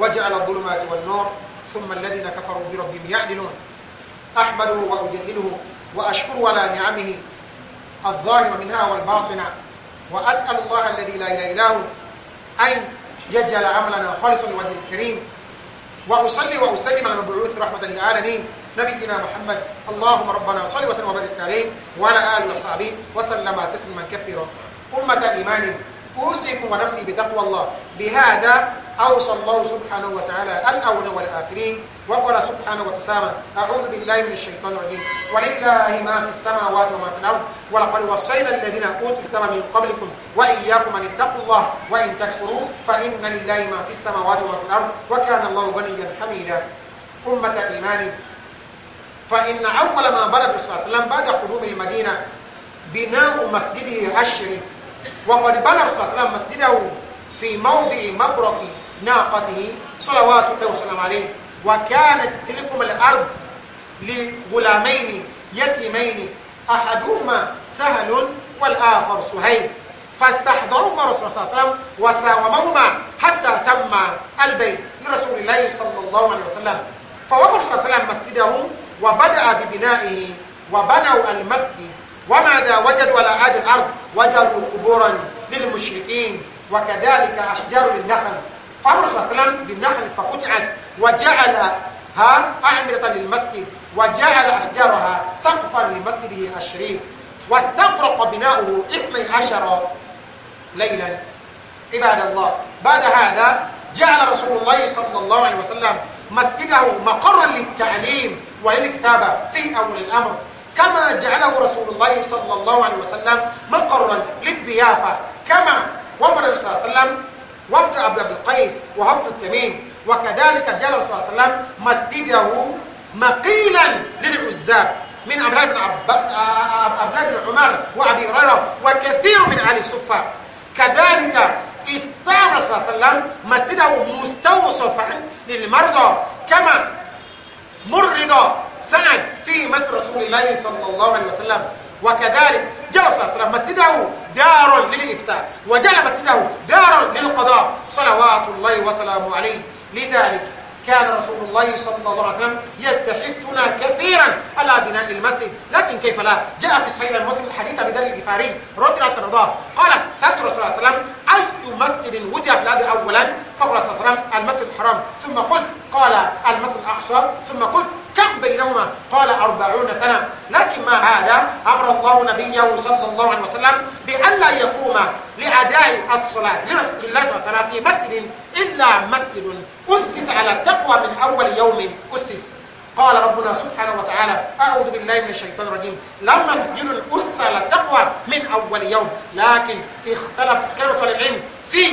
wa ja'ala adh-dhulumati أحمده وأجلله وأشكر على نعمه الظاهرة منها والباطنة وأسأل الله الذي لا إله إلا هو أن يجعل عملنا خالصا لوجه الكريم وأصلي وأسلم على مبعوث رحمة للعالمين نبينا محمد اللهم ربنا صل وسلم وبارك عليه وعلى آله وصحبه وسلم تسليما كثيرا أمة إيمان أوصيكم ونفسي بتقوى الله بهذا أوصى الله سبحانه وتعالى الأول والآخرين وقال سبحانه وتسامى أعوذ بالله من الشيطان الرجيم ولله ما في السماوات وما في الأرض ولقد وصينا الذين أوتوا الكتاب من قبلكم وإياكم أن اتقوا الله وإن تكفروا فإن لله ما في السماوات وما في الأرض وكان الله غنيا حميدا أمة إيمان فإن أول ما بلغ صلى الله عليه وسلم بعد قدوم المدينة بناء مسجده الشريف وقد بنى الرسول صلى الله عليه وسلم مسجده في موضع مبرق ناقته صلوات الله وسلم عليه وكانت تلكم الأرض لغلامين يتيمين أحدهما سهل والآخر سهيل فاستحضرهما رسول الله صلى الله عليه وسلم وساومهما حتى تم البيت لرسول الله صلى الله عليه وسلم فوقف صلى الله عليه وسلم مسجده وبدأ ببنائه وبنوا المسجد وماذا وجدوا على عاد الأرض وجدوا قبورا للمشركين وكذلك أشجار للنخل فامر صلى الله عليه وسلم بالنخل فقطعت وجعلها أعمدة للمسجد وجعل أشجارها سقفا لمسجده الشريف واستغرق بناؤه 12 ليلا عباد الله بعد هذا جعل رسول الله صلى الله عليه وسلم مسجده مقرا للتعليم وللكتابه في اول الامر كما جعله رسول الله صلى الله عليه وسلم مقرا للضيافه كما وفد الرسول صلى الله عليه وسلم وفد عبد القيس وهبط التميم وكذلك جعل الرسول صلى الله عليه وسلم مسجده مقيلا للعزاب من عبد بن آه، عبد بن عمر وابي هريره وكثير من اهل الصفه كذلك استعمل صلى الله عليه وسلم مسجده مستوصفا للمرضى كما مرض سند في مثل رسول الله صلى الله عليه وسلم وكذلك جعل صلى الله عليه مسجده دار للإفتاء وجعل مسجده دار للقضاء صلوات الله وسلامه عليه لذلك كان رسول الله صلى الله عليه وسلم يستحثنا كثيرا على بناء المسجد لكن كيف لا جاء في صحيح المسلم الحديث ابي ذر الغفاري رضي الله عنه قال سالت رسول الله صلى الله عليه وسلم اي مسجد وضع في الارض اولا فقال صلى الله عليه وسلم المسجد الحرام ثم قلت قال المسجد الاقصى ثم قلت كم بينهما قال أربعون سنة لكن ما هذا أمر الله نبيه صلى الله عليه وسلم بأن لا يقوم لأداء الصلاة لرسول الله صلى الله عليه وسلم في مسجد إلا مسجد أسس على التقوى من أول يوم أسس قال ربنا سبحانه وتعالى أعوذ بالله من الشيطان الرجيم لم مسجد أسس على التقوى من أول يوم لكن اختلف كانت العلم في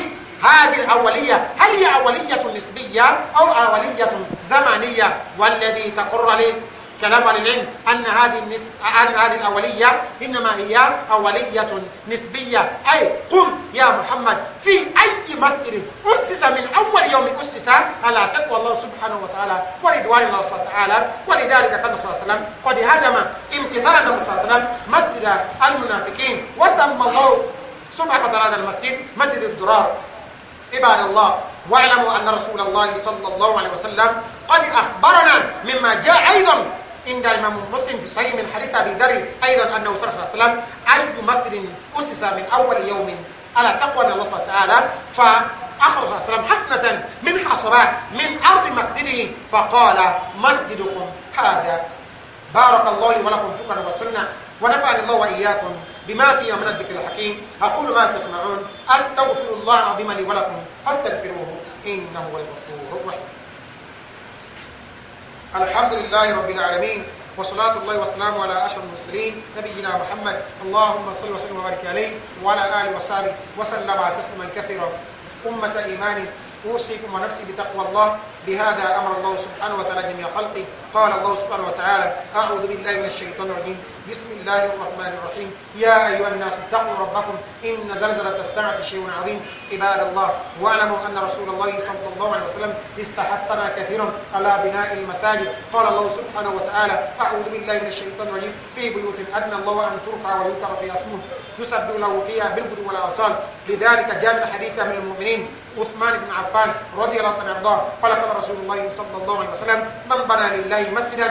هذه الأولية هل هي أولية نسبية أو أولية زمنية والذي تقر لي كلام عن العلم أن هذه النس... أن هذه الأولية إنما هي أولية نسبية أي قم يا محمد في أي مسجد أسس من أول يوم أسس على تقوى الله سبحانه وتعالى ورضوان الله سبحانه وتعالى ولذلك كان صلى الله عليه وسلم قد هدم امتثالا النبي صلى الله عليه وسلم مسجد المنافقين وسمى الله سبحانه وتعالى هذا المسجد مسجد الدرار عباد الله واعلموا أن رسول الله صلى الله عليه وسلم قد أخبرنا مما جاء أيضا عند الإمام مسلم في صحيح من حديث أبي ذر أيضا أنه صلى الله عليه وسلم أي مسجد أسس من أول يوم على تقوى الله سبحانه وتعالى فأخرج صلى الله عليه وسلم حفنة من حصبات من أرض مسجده فقال مسجدكم هذا بارك الله لي ولكم في القرآن والسنة ونفعني الله وإياكم بما فيها من الذكر الحكيم أقول ما تسمعون أستغفر الله العظيم لي ولكم فاستغفروه إنه هو الغفور الرحيم الحمد لله رب العالمين وصلاة الله وسلامه على أشرف المرسلين نبينا محمد اللهم صل وسلم وبارك عليه وعلى آله وصحبه وسلم تسليما كثيرا أمة إيمان أوصيكم ونفسي بتقوى الله بهذا أمر الله سبحانه وتعالى جميع خلقه قال الله سبحانه وتعالى أعوذ بالله من الشيطان الرجيم بسم الله الرحمن الرحيم يا أيها الناس اتقوا ربكم إن زلزلة الساعة شيء عظيم عباد الله واعلموا أن رسول الله صلى الله عليه وسلم استحثنا كثيرا على بناء المساجد قال الله سبحانه وتعالى أعوذ بالله من الشيطان الرجيم في بيوت أدنى الله أن ترفع ويوتر في اسمه يسبح له فيها بالبدو والأوصال لذلك جاء من حديث من المؤمنين عثمان بن عفان رضي الله عنه وارضاه قال قال رسول الله صلى الله عليه وسلم من بنى لله مسجدا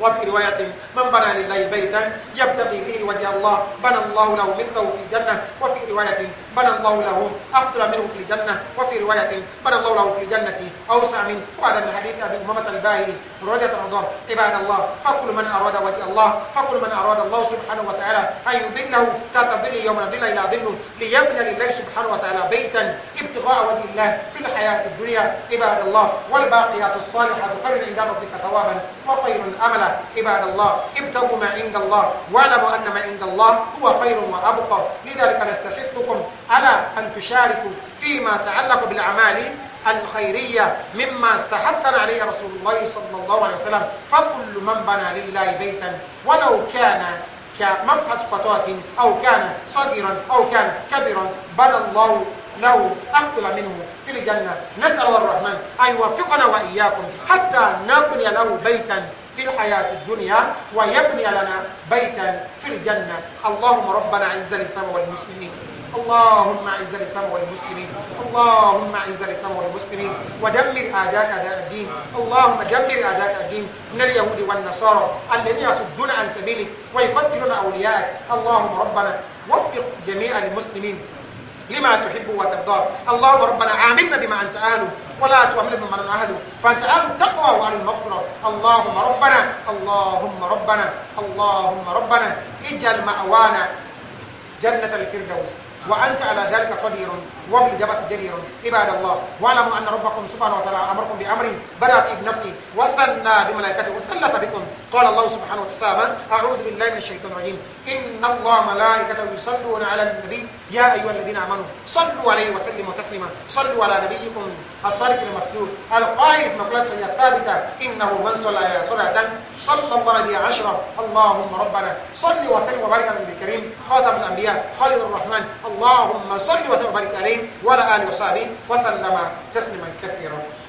وفي رواية من بنى لله بيتا يبتغي به وجه الله بنى الله له مثله في الجنة وفي رواية بنى الله له أفضل منه في الجنة وفي رواية بنى الله له في الجنة أوسع منه وهذا من حديث أبي أمامة الباهلي رضي الله عباد الله فكل من أراد وجه الله فكل من أراد الله سبحانه وتعالى أن يضله تحت ظله يوم ظل إلى ظل ليبنى لله سبحانه وتعالى بيتا ابتغاء وجه الله في الحياة الدنيا عباد الله والباقيات الصالحات خير عند ربك ثوابا وخير أملا عباد الله ابتغوا ما عند الله واعلموا أن ما عند الله هو خير وأبقى لذلك نستحثكم على أن تشاركوا فيما تعلق بالأعمال الخيرية مما استحثنا عليه رسول الله صلى الله عليه وسلم فكل من بنى لله بيتا ولو كان كمفحص قطات أو كان صغيرا أو كان كبيرا بنى الله له أفضل منه في الجنة نسأل الله الرحمن أن يوفقنا وإياكم حتى نبني له بيتا في الحياة الدنيا ويبني لنا بيتا في الجنة اللهم ربنا عز الإسلام والمسلمين اللهم اعز الاسلام والمسلمين اللهم اعز الاسلام والمسلمين ودمر اعداء اعداء الدين اللهم دمر اعداء الدين من اليهود والنصارى الذين يصدون عن سبيلك ويقتلون اوليائك اللهم ربنا وفق جميع المسلمين لما تحب وترضى اللهم ربنا عاملنا بما انت اهله ولا تؤمن بمن اهله فانت اهل التقوى وعلى المغفره اللهم ربنا اللهم ربنا اللهم ربنا اجعل ماوانا جنه الفردوس وأنت على ذلك قدير وابن جبت جرير عباد الله واعلموا ان ربكم سبحانه وتعالى امركم بامر بدا في نفسي وثنى بملائكته وثلث بكم قال الله سبحانه وتعالى اعوذ بالله من الشيطان الرجيم ان الله ملائكته يصلون على النبي يا ايها الذين امنوا صلوا عليه وسلموا تسليما صلوا على نبيكم الصالح المسجود القائل بمقلات سنه ثابته انه من صلى على صلاه صلى الله عليه عشره اللهم ربنا صل وسلم وبارك على النبي الكريم خاتم الانبياء خالد الرحمن اللهم صل وسلم وبارك عليه وعلى آله وصحبه وسلم تسليما كثيرا